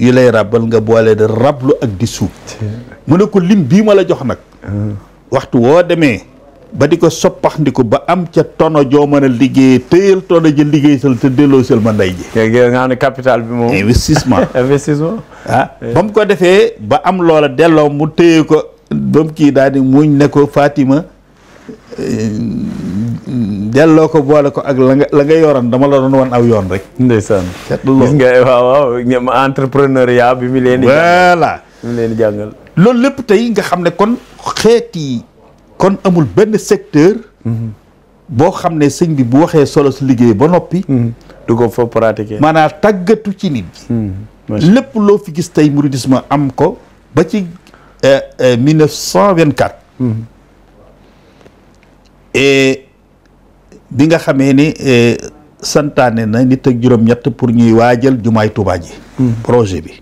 yu lay ràbbal nga boole de rablu ak di suub mu ne ko lim bii ma la jox nag waxtu woo demee ba di ko soppaxndiku ba am ca tono joo mën liggéey téyal tono ji liggéey sal te delloo sal ma ndey ji nga xam capital bi moom investissement investissement ah ba mu ko defee ba am loola delloo mu téye ko ba mu kii daal di muñ ne ko Fatima eh, delloo ko boole ko ak la nga la nga yoroon dama la doon wan aw yoon rek ndeysaan gis nga eh, waaw waaw ñoom entrepreneuriat bi mu leen di leen di jàngal loolu lépp tey nga xam ne kon xeet kon amul benn secteur. boo xam ne sëñ bi bu waxee solo su liggéey ba noppi. du ko fa pratiquer. maanaam tàggatu ci nit ñi. Hmm. lépp loo fi gis tey mouridisme am ko ba ci 1924. Euh, euh, hmm. et bi nga xamee ni euh, santaane na nit ak juróom-ñett pour ñuy waajal jumaay Tuubaa ji. Hmm. projet bi.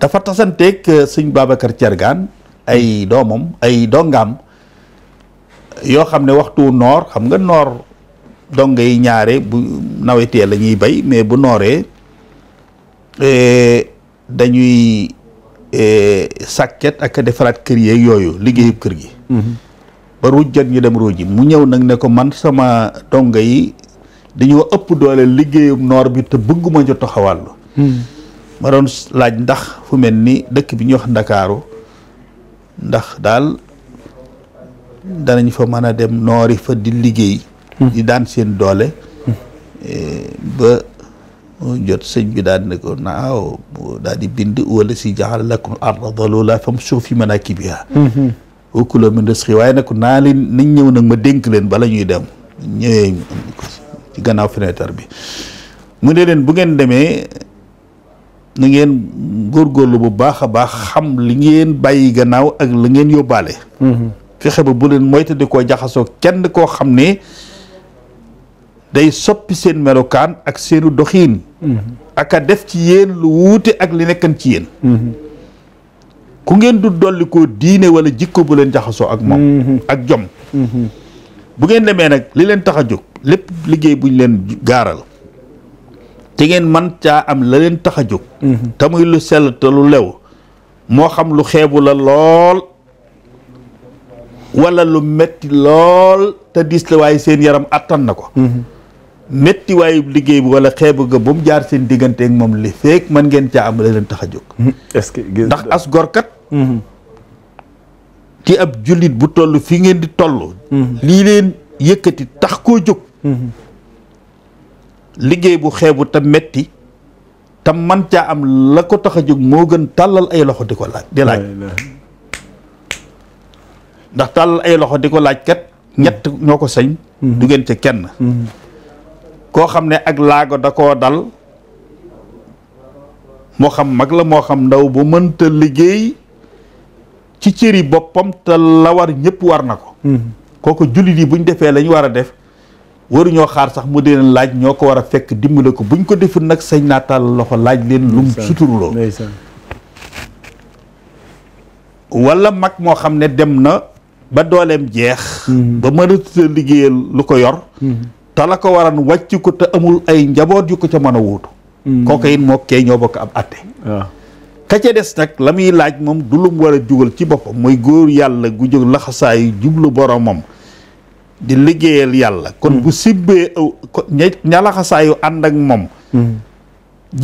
dafa tasanteeg sëñ Babacar Thiergane. ay doomam ay dongaam yoo xam ne waxtu noor xam nga noor donga yi ñaare bu nawetee la ñuy bay mais bu nooree eh, dañuy eh, sàkket ak defaraat kër yeeg yooyu liggéeyub kër gi mm-hmm. ba ruuj jot ñu dem ruuj yi mu ñëw nag ne ko man sama donga yi dañoo ëpp doole liggéeyub noor bi te bëgguma ñu taxawal mm-hmm. ma doon laaj ndax fu mel ni dëkk bi ñuy wax Ndakaaru ndax daal danañ fa mën a dem noori fa di liggéey hmm. di daan seen doole hmm. eh, ba jot sëñ bi daal ne ko naaw daal di bind wala si jaxala lakum arda dalula famshu fi manakibiha hmm, wa kulu min rizqi waaye nag naa leen nañ ñëw nag ma dénk leen bala ñuy dem ñëwee ci gannaaw fenêtre bi mu ne leen bu ngeen demee na ngeen góorlu bu baax a baax xam li ngeen bàyyi gannaaw ak la ngeen yóbbaale. Mm-hmm. fexe ba bu leen moyta di koo jaxasoo kenn koo xam ne day soppi seen melokaan ak seenu doxin mm-hmm. aka def ci yéen lu wuute ak li nekkan ci yéen. Mm-hmm. ku ngeen du dolli diine wala jikko bu leen jaxasoo ak moom. ak jom. bu ngeen demee nag li leen tax a jóg lépp liggéey buñ leen gaaral. te ngeen man caa am la leen tax a jóg mhm. te muy lu sell te lu lew moo xam lu xeebu la lool wala lu metti lool te diis la waaye seen yaram attan na ko mhm. metti waayu liggéey bi wala xeebu nga ba mu jaar seen digganteek moom li feek man ngeen caa am la leen tax a jóg mhm. est ndax as gorkat ci ab jullit bu toll fi ngeen di toll lii leen yëkkati tax koo jóg liggéey bu xeebu te metti tam man caa am la ko tax a jóg moo gën tàllal ay loxo di ko laaj di laaj ndax tàllal ay loxo di ko laaj kat hmm. ñett ñoo ko sañ hmm. du gën ca kenn hmm. koo xam ne ak laago da koo dal moo xam mag la moo xam ndaw bu mënta liggéey ci cëri boppam te la war ñëpp war na ko kooku jullit yi buñ defee lañ war a def waruñoo xaar sax mu dee leen laaj ñoo ko war a fekk dimbale ko buñ ko deful nag sañ naa taal loxo laaj leen lum suturuloo wala mag moo xam ne dem na ba dooleem jeex mhm. ba mënatuta liggéeyal lu ko yor mhm. te la ko waran wàcc ko te amul ay njaboot yu ko ca mën a wuutu mhm. kooku it moo kee ñoo bokk ab atte ka ca des nag la muy laaj moom du lum war a jugal ci boppam mooy góor yàlla gu jóg laxasaayu jublu boromam di liggéeyal yàlla kon hmm. bu sibbee ñalaxasaayu ànd ak moom hmm.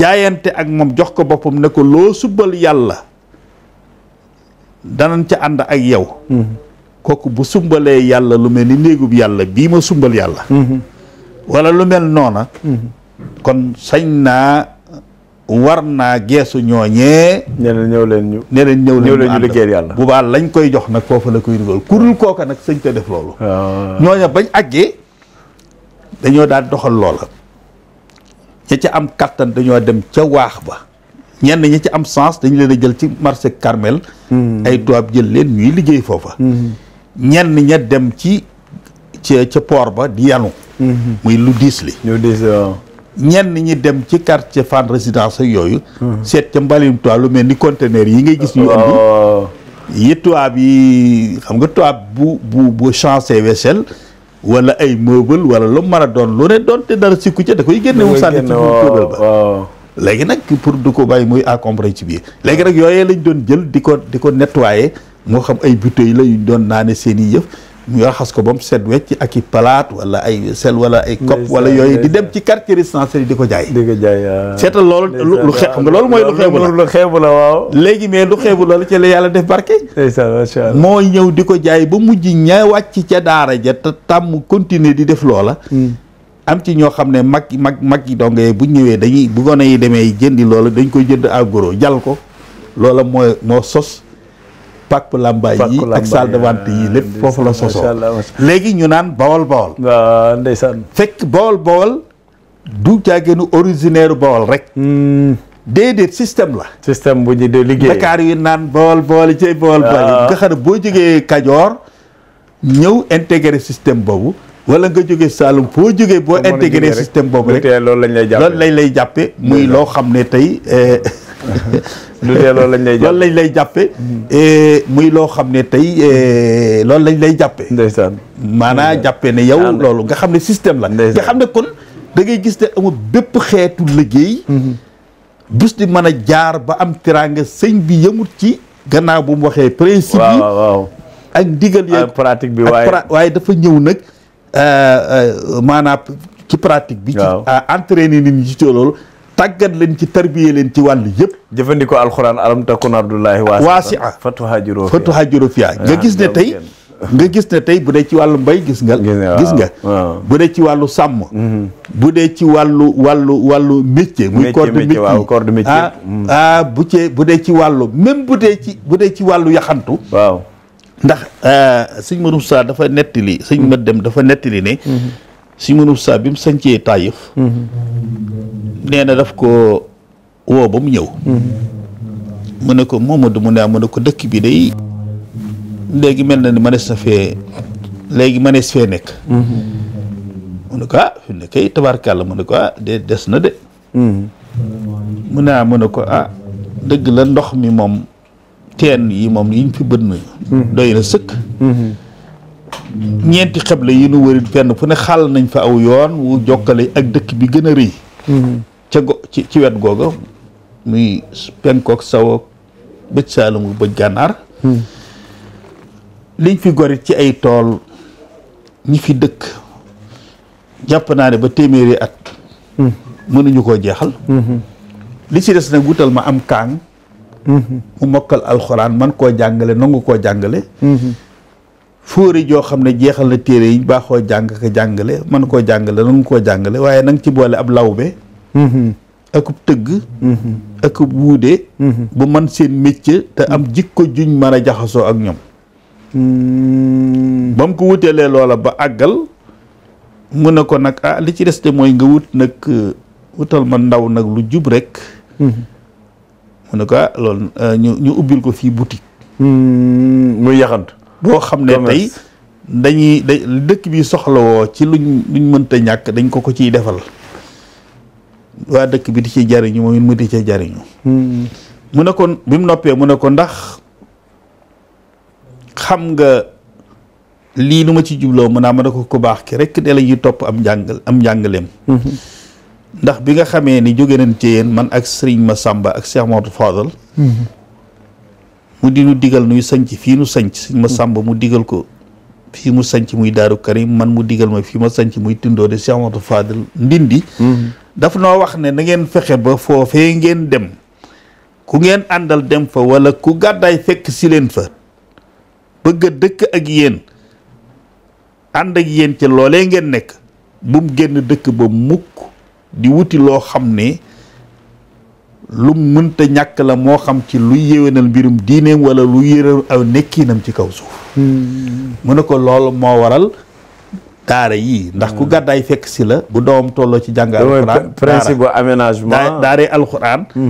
jaayante ak moom jox ko boppam ne ko loo subal yàlla danañ ca ànd ak yow hmm. kooku bu sumbalee yàlla lu mel ni néegub yàlla bii ma sumbal yàlla wala lu mel noona kon sañ naa war naa geesu ñooñee. nee ñëw leen ñu. nee na ñëw leen ñu liggéeyal yàlla bu baax lañ koy jox nag foofu la koy dugal ku dul kooka nag sañ ta def loolu. Ah. ñooña bañ àggee dañoo daal doxal loola. ña ca am kattan dañoo dem ca waax ba. ñenn ñi ci am sens dañ leen a jël ci marché Carmel. Hmm. ay tubaab jël leen ñuy liggéey foofa. Hmm. ñenn ña dem ci ca ca port ba di yanu. Hmm. muy lu diis li. ñenn ñi dem ci quartier fan résidence ak yooyu seet ca mbalim toile lu mel ni conteneur yi ngay gis ñu indi oh. yi tubaab yi xam nga tubaab bu bu bu chancé vaisselle wala ay meuble wala lu mën a doon lu ne doon te dara sikku ca da koy génne mu sànni ci tóobal ba oh. léegi nag pour du ko bàyyi muy encombré ci biir léegi nag yooyee lañ doon jël di ko di ko nettoyé moo xam ay bouteilles yi yu doon naane seen i yëf ñu raxas ko ba mu set wecc ak i palaat wala ay sel wala ay kopp wala yooyu di dem ci quartier résidentiel yi di ko jaay di ko jaay ah. seetal loolu lu xew xam nga loolu mooy lu xeebu la lu léegi mais lu xeebu loolu ci la yàlla def barke moo ñëw di ko jaay ba mujj ña wàcc ca daara ja te tàmm continuer di def loola hmm. am ci ñoo xam ne mag mag mag yi dongo bu ñëwee dañuy bu yi demee jëndi loola dañ koy jënd à goro jal ko loola mooy moo sos pàkk làmbaay yi ak salle de vente yi lépp foofu la sosoo léegi ñu naan bawol bawol waaw fekk bawol bawol du jàggeenu originaire bawol rek hmm. déedéet système la système bu ñu de liggéey naan bawol bawol yi cay bawol bawol yi ah. nga boo jógee Kajoor ñëw integre système boobu wala nga jógee Saalum foo jógee boo intégré système boobu rek loolu lañ lay jàppe muy loo xam ne tey eh, loolu lañ lay jàppee loolu lañ lay jàppee. Mm-hmm. Eh, muy loo xam ne tey eh, loolu lañ lay jàppee. ndeysaan maanaa jàppee ne yow loolu nga xam ne système la. nga xam ne kon da ngay gis ne amul bépp xeetu liggéey. bis mm-hmm. di mën a jaar ba am teraanga sëñ bi yëmut ci. gannaaw bu mu waxee principe yi ak ndigal yeeg pratique bi waaye waaye dafa ñëw nag eh, maanaam ci pratique bi. ci entraîner nit ñi ci loolu. tàggat leen ci tarbiye leen ci wàllu yëpp. jëfandikoo alxuraan alam takun ardullahi waasi'a fatuhaajiroo fatuhaajiroo fiha ah, nga gis ne tey nga gis ne tey bu dee ci wàllu mbay gis nga gis nga bu dee ci wàllu sàmm mm-hmm. bu dee ci wàllu wàllu wàllu métier muy corps de métier ah, mm-hmm. ah bu cee bu dee ci wàllu même bu dee ci bu dee ci wàllu yaxantu ndax ndax ah, sëñ Maroussa dafa nettili sëñ mm-hmm. ma dem dafa nettili ne si mënub saa bi mu sancee Taayif nee na daf ko woo ba mu ñëw mu ne ko Momadou mu ne ah, mu ne ko dëkk bi day mel na ni manees na fee léegi manees fee nekk mu ne ko ah fi ne kay tabaarkàlla mu ne ko ah de des na de mu ne ah mu ne ko ah dëgg la ndox mi moom teen yi moom yiñ fi bënn doy na sëkk ñeenti xebla yi nu wërit fenn fu ne xàll nañ fa aw yoon wu jokkale ak dëkk bi gën a rëy mm-hmm. ca go ci ci wet googa muy penkook sawook bëj saalum bëj gànnaar mm-hmm. liñ fi gorit ci ay tool ñi fi dëkk jàpp naa ne ba téeméeri at mm-hmm. mënuñu koo jeexal li ci des nag wutal ma am kaang mu mokkal alxuraan man koo jàngale nangu koo jàngale fóori joo xam ne jeexal na téere yi baaxoo jàng ka jàngale mën koo jàngale na koo jàngale waaye na ci boole ab lawbe mm-hmm. akub tëgg mm-hmm. akub wuude mm-hmm. bu man seen métier te am jikko juñ man a jaxasoo ak ñoom ba mu ko wuteelee loola ba àggal mu ne ko nag ah li ci des te mooy nga wut nag uh, wutal ma ndaw nag lu jub rek mu ne ko ah loolu uh, ñu ubbil ko fii boutique mu yaxantu boo xam ne tey dañuy da dëkk bi soxlawoo ci lu luñ mënta ñàkk dañ ko ko ciy defal waa dëkk bi di ci jariñu moom it mu di ci jariñu hmm. mu ne ko bi mu noppee mu ne ko ndax xam nga lii lu ma ci jubloo mu naa ma ne ko ko baax ki rek de la topp am njàngal am njàngaleem hmm. ndax bi nga xamee ni jóge nañ ci man ak sëriñ ma Massamba ak Cheikh Modou mu di nu digal nuy sanc fii nu sanc sëñ ma sàmba mu digal ko fii mu sanc muy daaru karim man mu digal ma fii ma sanc muy tindoode Cheikh Amadou Fadel ndindi mm-hmm. daf noo wax ne na ngeen fexe ba foofee ngeen dem ku ngeen àndal dem fa wala ku gàddaay fekk si leen fa bëgg a dëkk ak yeen ànd ak yéen ca loolee ngeen nekk bu mu génn dëkk ba mukk di wuti loo xam ne lu mënta ñàkk la moo xam ci luy yéwénal mbirum diineem wala lu yéwénal aw nekkiinam ci kaw suuf hmm. mu ne ko loolu moo waral daara yii ndax ku hmm. gàddaay fekk si la bu doomam tolloo ci jàng alxuraan principe bu aménagement daaree alxuraan jëm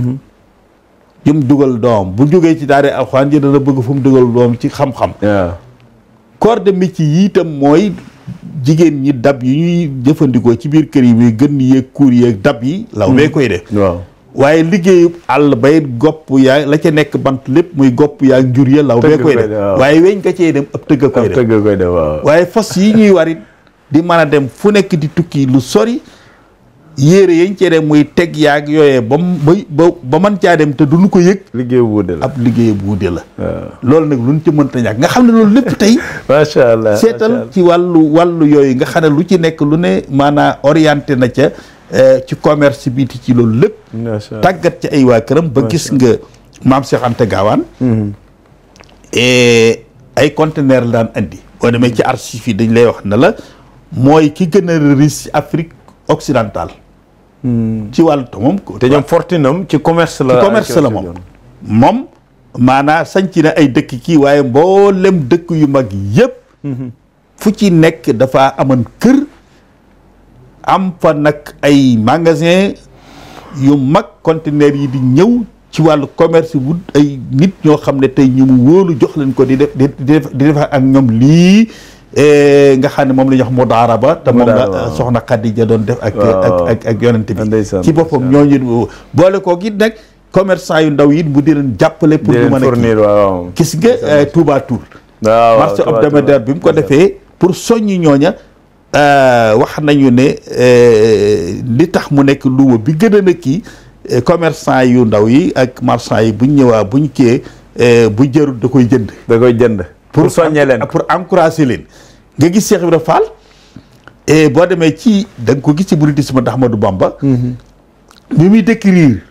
hmm. dugal doom bu jógee ci daaree alxuraan ji dana bëgg fu mu dugal doom ci xam-xam corps de métier yi mooy jigéen ñi dab yi ñuy jëfandikoo ci biir kër yi muy gën yéeg kuur yéeg dab yi law bee koy def waaye liggéeyu àll bay gopp yaa la ca nekk bant lépp muy gopp yaa njur ya law bee koy def waaye weñ nga cee dem ab tëgg koy def waaye fos yi ñuy warit di mën a dem fu nekk di tukki lu sori yére yañ cee dem muy teg yaag yooyee ba ba ba mën caa dem te duñu ko yëg liggéey bu wuute la ab liggéey bu wuute la loolu nag luñ ci mënta ñàkk nga xam ne loolu lépp tey macha allah seetal ci wàllu wàllu yooyu nga xam ne lu ci nekk lu ne maanaa orienté na ca Eh, ci commerce bi ci loolu lépp. tàggat ci ay waa këram ba gis nga maam Cheikh Anta Gaawaan. Mm-hmm. Eh, ay conteneur la daan andi. boo demee ci archives dañ lay wax ne la mooy ki gën a riche Afrique occidentale. Mm-hmm. ci wàll te moom. te ñoom fortune am ci commerce la. ci commerce moom moom. maanaa sanc na ay dëkk kii waaye mboolem dëkk yu mag yëpp. Mm-hmm. fu ci nekk dafa amoon kër. am fa nag ay magasin yu mag conteneur yi bi ñëw ci wàllu commerce bu ay nit ñoo xam ne tey ñu mu wóolu jox leen ko di def di def di def ak ñoom lii eh, nga xam ne moom la ñuy wax mudaaraba te moom la soxna ja doon def ak ak ak yonent bi ci boppam ñooñu boole koo it nag commerçant yu ndaw yi bu di leen jàppale pour ñu mën a gis nga eh, Touba Tour marché hebdomadaire bi mu ko defee pour soññi ñooña Euh, wax nañu ne euh, li tax mu nekk luuma bi gën a na kii euh, commerçant yu ndaw yi ak marchand yi buñ ñëwaa buñ kee bu jarul da koy jënd da koy jënd pour soñe leen pour encourager leen nga gis Cheikh Ibrahima Fall boo demee ci da nga ko gis ci mouridisme ndax ma du bi muy décrire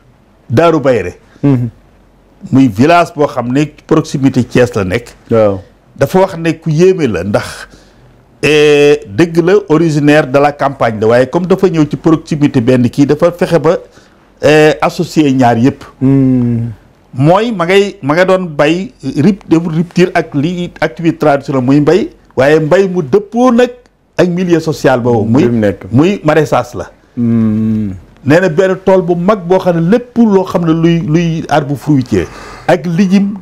Daaru Bayre mm-hmm. muy village boo xam ne proximité Thiès la nekk waaw dafa wax ne ku yéeme la ndax dëgg la originaire de la campagne la waaye comme dafa ñëw ci proximité benn kii dafa fexe ba eh, associé ñaar yëpp hmm. mooy ma ngay ma nga doon bay rip def rupture ak li activité traditionnelle muy mbay waaye mbay mu dëppoo nag ak milieu social boobu muy muy maraîchage la hmm. nee na benn tool bu mag boo xam ne lépp loo xam ne luy luy arbre fruitier ak lijim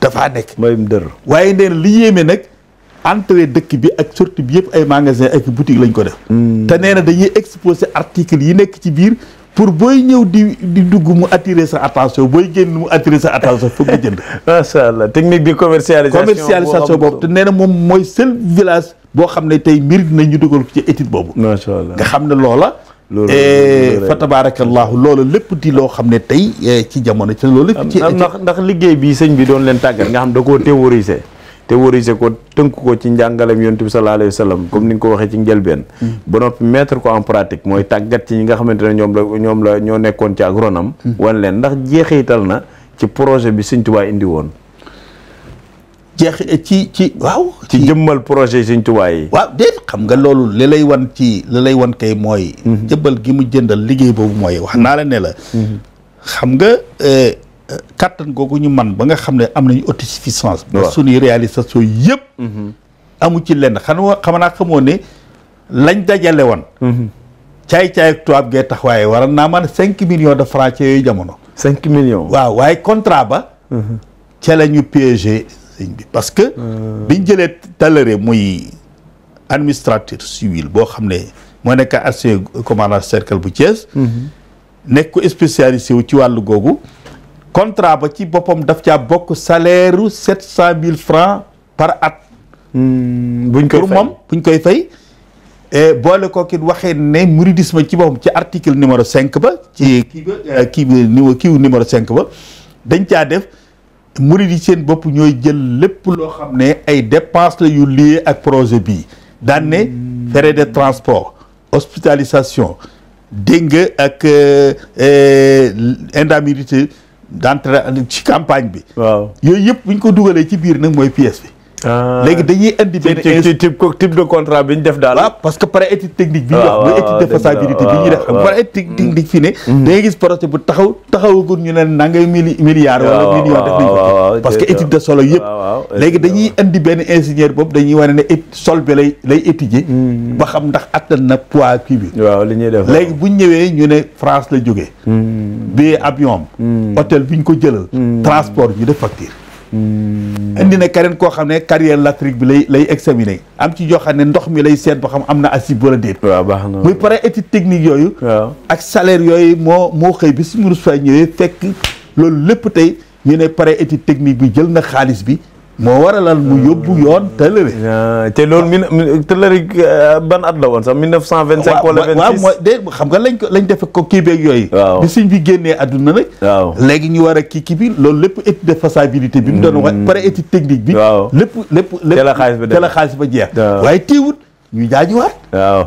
dafaa nekk mbéyum waaye nee li yéeme nag entrée dëkk bi ak surtout bi yëpp ay magasin ak boutique lañ ko def. Hmm. te nee na dañuy exposé article yi nekk ci biir pour booy ñëw di di dugg mu attirer sa attention booy génn mu attirer sa attention foog nga jënd. macha allah technique de commercialisation. nee na moom mooy seul village boo xam ne tey mérite nañ ñu dugal ci étude boobu. macha allah nga xam ne loola. loolu eh, fa tabaarakallaahu loola lépp di loo xam ne tey eh, ci jamono ci loolu. lépp ci ndax ndax liggéey bi sëñ bi doon leen tàggat nga xam da koo théorisé. théoriser ko tënk ko ci njàngaleem yonent bi sallallahu alayhi wa sallam comme ni nga ko waxee ci njëlbeen mm. ba noppi mettre ko en pratique mooy tàggat ci nga xamante ne ñoom la ñoom la ñoo nekkoon ci ak ronam mm. wan leen ndax jeexital na ci projet bi Sëñ Tuubaa indi woon jeex eh, ci ci waaw ci jëmmal projet yi Sëñ Tuubaa yi waaw déet xam nga loolu li lay wan ci li lay wan kay mooy mm-hmm. jëbbal gi mu jëndal liggéey boobu mooy wax naa la ne la mm-hmm. xam nga eh, kàttan googu ñu man ba nga xam ne am nañu autosuffisance ba suñuy réalisation yëpp mhm. amu ci lenn xanaa xamanaa xamoo ne lañ dajale woon caay-caay mhm. ak tubaab gee tax waaye waral naa man cinq millions de francs ci yooyu jamono cinq millions waaw waaye contrat ba mhm. cela la ñu piégé sëñ bi parce que euh. biñ jëlee talëre muy administrateur civil boo xam ne moo nekk ancien commandant cercle bu Thiès nekk ko spécialisé wu ci wàll googu contrat ba ci boppam daf caa bokk salaire ru cent mille francs par at. Hmm, buñ koy pour buñ koy fay. boole kooku it waxee ne mouridisme ci boppam ci article numéro cinq ba ci kii ba euh, kii bi kiiw numéro cinq ba dañ caa def murid yi seen bopp ñooy jël lépp loo xam ne ay dépenses la yu lié ak projet bii daan ne hmm. frais de transport hospitalisation dégg nga ak euh, euh, indemnité d'entrée ci campagne bi. waaw yooyu yëpp bu ñu ko dugalee ci biir nag mooy pièce bi. Euh, léegi dañuy indi benn ci type de contrat bi ñu def daal. waaw parce que par étude technique. bi ñu wax ah, bu mm. ne. Mm. da gis projet bu taxaw taxawagul ñu ne nangay mili milliards. wala ah, parce que étude de solo yëpp. Ah, léegi dañuy indi benn ingénieur boobu dañuy wane ne sol bi lay lay étudier. Mm. ba xam ndax attan na poids kii bi. waaw li ñuy def léegi bu ñu ñëwee ñu ne France la jóge bi avion am. hôtel bi ñu ko jëlal. transport ñu def facture. Hmm. indi na keneen koo xam ne carrière latrique bi lay lay examiner am ci joo xam ne ndox mi lay seet ba xam am na acide wala déet waaw baax na muy pare étude technique yooyu ak salaire yooyu moo moo xëy bi si murus fay ñëwee fekk loolu lépp tey ñu ne pare étude technique bi jël na xaalis bi moo waralal mu yóbbu yoon tëlëri. Ah, te loolu min tëlëri euh, ban at la woon sax 1925. wala 26 waaw mooy de xam nga lañ ko lañ def ko kii beeg yooyu. waaw bi suñ bi génnee àdduna nag. waaw léegi ñu war a kii kii bi loolu lépp étude de faisabilité bi mu doon wax mm. pare étude technique bi. waaw lépp lépp lépp teel a xaalis ba jeex ba jeex. waaye teewut ñu jaajiwaat. waaw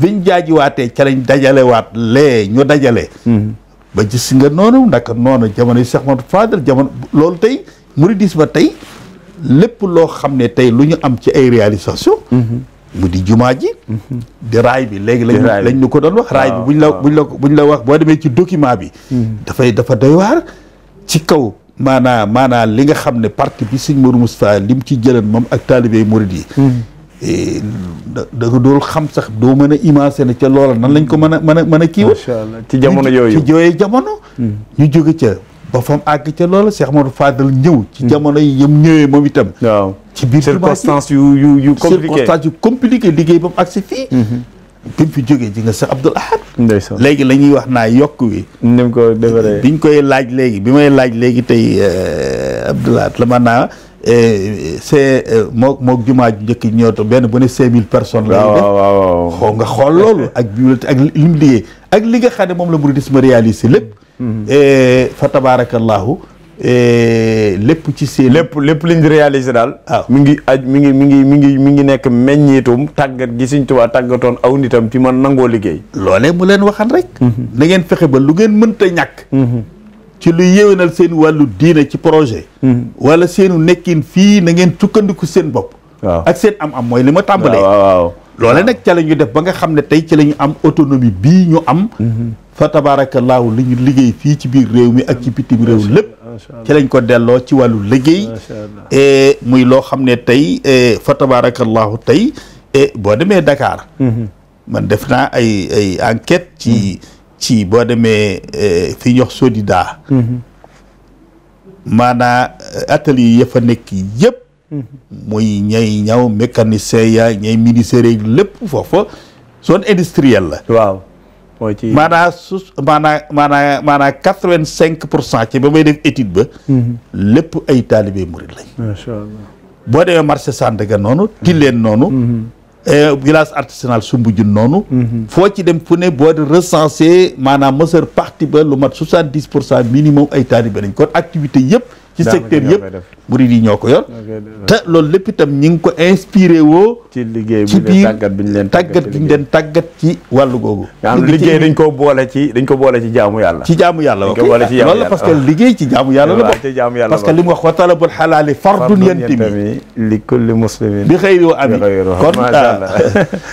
biñ jaajiwaatee ca lañ dajalewaat lee ñu dajale. Mm-hmm. ba gis nga noonu naka noonu jamono yi Cheikh Mouhamed Fadel jamono loolu tey muridis ba tey. lépp loo xam ne tey lu ñu am ci ay réalisation mm-hmm. mu di jumaa ji mm-hmm. di raay bi léegi lañ lañ ñu ko doon wax raay bi buñ la buñ la buñ la wax boo demee ci document bi mm-hmm. dafay dafa doy waar ci kaw maanaam maanaam li nga xam ne parti bi sëñ Mourou Moustapha li mu ci jëlan moom ak taalibey murid yi eh, da nga dool xam sax doo mën a na ca loola nan lañ ko mën a mën a mën a kiiwa ci jamono yooyu ci jamono ñu jóge ca ba fam àgg ca loola Cheikh Modou Fadal ñëw ci jamono yi yëm ñëwee moom itam waaw ci biir circonstance yu yu yu compliqué circonstance yu liggéey ba mu agsi fii mhm. bi mu fi jógee ji nga Cheikh Abdoul Ahad léegi la ñuy wax naa yokk wi ni mu ko defaree biñ koy laaj léegi bi may laaj léegi tey euh, Abdoul Ahad la man naa euh, c'est euh, moo mook jumaa njëkk ñëwto benn bu ne cinq mille personnes la waaw xoo nga xool loolu ak bibliothèque ak li mu liggéey ak li nga xam moom la mouridisme réalisé lépp fa tabaarakallaahu lépp ci seen. lépp lépp liñ réalisé daal. waaw ah. mi ngi aj mi ngi mi ngi mi ngi mi ngi nekk meññiitum tàggat gi Sëñ Tuubaa tàggatoon aw nitam ci man nangoo liggéey. loolee mu leen waxan rek. Mhm. na ngeen fexe ba lu ngeen mënta ñàkk. Mhm. ci lu yéwénal seen wàllu diine ci projet. Mhm. wala seenu nekkin fii na ngeen sukkandiku seen bopp. waaw ak seen am-am mooy li ma tàmbalee. loole nag ca la ñu def ba nga xam ne tey ci lañu am autonomie bii ñu am mhm. fa tabaarakallaahu li ñu liggéey fii ci biir réew mi ak ci bitim réew lépp ci lañ ko delloo ci wàllu liggéey muy loo xam ne tey fa tabaarakallaahu tey boo demee Dakar mhm. man def naa ay ay enquête ci mhm. ci boo demee e, fi ñox Sodida maanaa atelier ya fa nekk yëpp muy ñay ñaw mécanicien ya ñay ministère yi lépp foofu zone industrielle la. waaw mooy ci maanaam su maanaam maanaam maanaam quatre vingt cinq pour cent ci ba may def étude ba. Mhm. lépp ay taalibe murid lañ. macha allah boo demee marché Sandaga noonu. Mhm. Tilène noonu. Mhm. Eh, village artisanal Soumbédioune noonu. foo ci dem fu ne boo di recensé maanaam majeure partie ba lu mat soixante dix pour cent minimum ay taalibe lañ kon activité yëpp. ci secteur yëpp murid yi ñoo ko yor te loolu lépp itam ñi ngi ko inspiré woo ci liggéey ci biir tàggat bi ñu leen tàggat bi ñu leen tàggat ci wàll googu liggéey dañ ko boole ci dañ ko boole ci jaamu yàlla ci jaamu yàlla ok parce que ci jaamu yàlla la bokk parce que li mu wax wa talabul xalaali fardun yantami li kulli muslimin bi xëyri wa abi kon ah.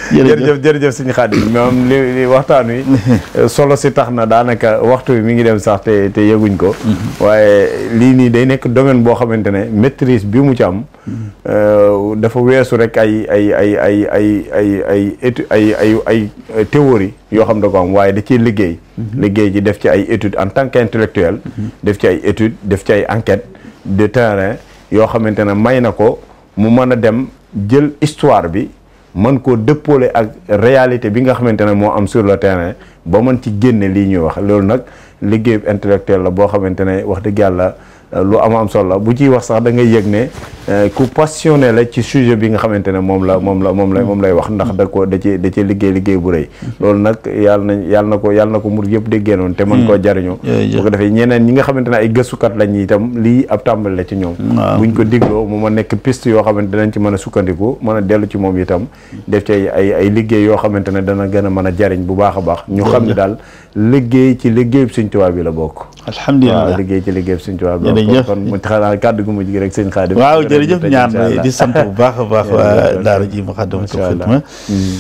jërëjëf jërëjëf suñu xaadim moom li waxtaan wi solo si tax na daanaka waxtu wi mi ngi dem sax te te ko mhm. waaye lii nii nekk domaine boo xamante ne maîtrise bi mu ci am euh, dafa weesu rek ay ay ay ay ay ay ay étude ay ay ay théorie yoo xam da ko am waaye da ciy liggéey mhm. liggéey ji def ci ay étude en tant qu'intellectuel mhm. def ci ay étude def ci ay enquête de terrain yoo xamante ne may na ko mu mën a dem jël histoire bi mën koo dëppoole ak réyalité bi nga xamante ne moo am sur le terrain ba mën ci génne lii ñuy wax loolu nag liggéeyu intellectuel la boo xamante ne wax dëgg yàlla lu am am solo la bu ciy wax sax da ngay yëg ne Euh, ku passionné la ci sujet bi nga xamante ne moom la moom la moom la moom lay wax ndax da ko da ci da ci liggéey liggéey bu rëy loolu nag yàlla na na ko yàlla na ko mur yëpp déggee noonu te mën koo hmm. jariñoo bu ko defee ñeneen ñi nga xamante ne ay gëstukat lañ itam lii ab tàmbali la ci ñoom buñ ko digloo mu ma nekk pist yoo xamante dinañ ci mën a sukkandiku man a dellu ci moom itam def ci ay ay liggéey yoo xamante ne dana gën a mën a jariñ bu baax a baax ñu xam ne daal liggéey ci liggéeyub Sëñ Tuubaa bi la bokk alhamdulilah liggéey ci liggéeyub Sëñ Tuubaa bi la bokk kon mu xanaa jërëjëf ñaan di sant bu baax a baax waa daara ji Moukhaddamatoul Khidma mm.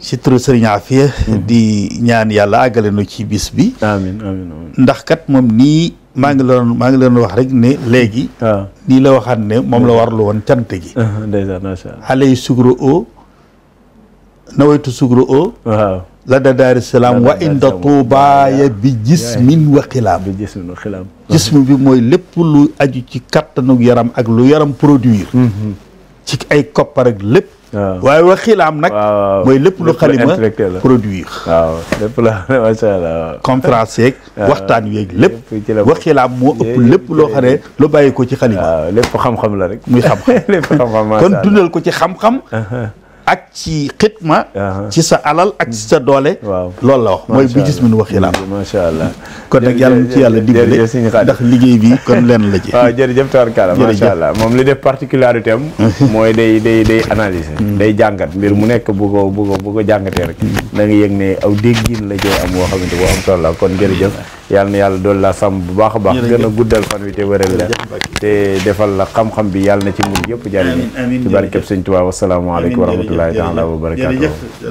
ci turu sëriñ Afia mm-hmm. di ñaan yàlla àggale nu ci bis bi amiin amiin ndax kat moom nii maa ngi leen maa ngi leen wax rek ne léegi ah. nii la waxaat ne moom la mm-hmm. warlu woon cant gi ah, ndeysaan xale yi sugro o nawaytu sugro o lada daari salaam wa inda tuuba ya bi jismin wa xilaam bi jismin wa xilaam jism bi mooy lépp lu aju ci kattanu yaram ak lu yaram produire mm-hmm. ci ay koppar ak lépp waaye wa xilaam nag mooy lépp lu xalima produire waaw lépp la macha allah conférence yeeg waxtaan yeeg lépp wa xilaam moo ëpp lépp loo xam ne lu bàyyi ko ci xalima lépp xam-xam la rek muy xam xam-xam kon dundal ko ci xam-xam ak ci xitma ci sa alal ak ci sa doole waaw loolu la wax mooy bi gis min wax xilaam macha allah kon nag yàlla mu ci yàlla dimbale ndax liggéey bi kon lenn la ci waaw jërëjëf tabarkalla macha allah moom li def particularité am mooy day day day hmm. day jàngat mbir mu nekk bu ko bu ko bu jàngatee rek hmm. da nga yëg ne aw déggin la cee am woo xamante boo am solo la kon jërëjëf hmm. yàlla na yàlla dool la sam bu baax a baax gën a guddal fan wi te wéral la te defal la xam-xam bi yàlla na ci mur yëpp jariñu ci barkeb sëñ barakallahu taala wa barakaatu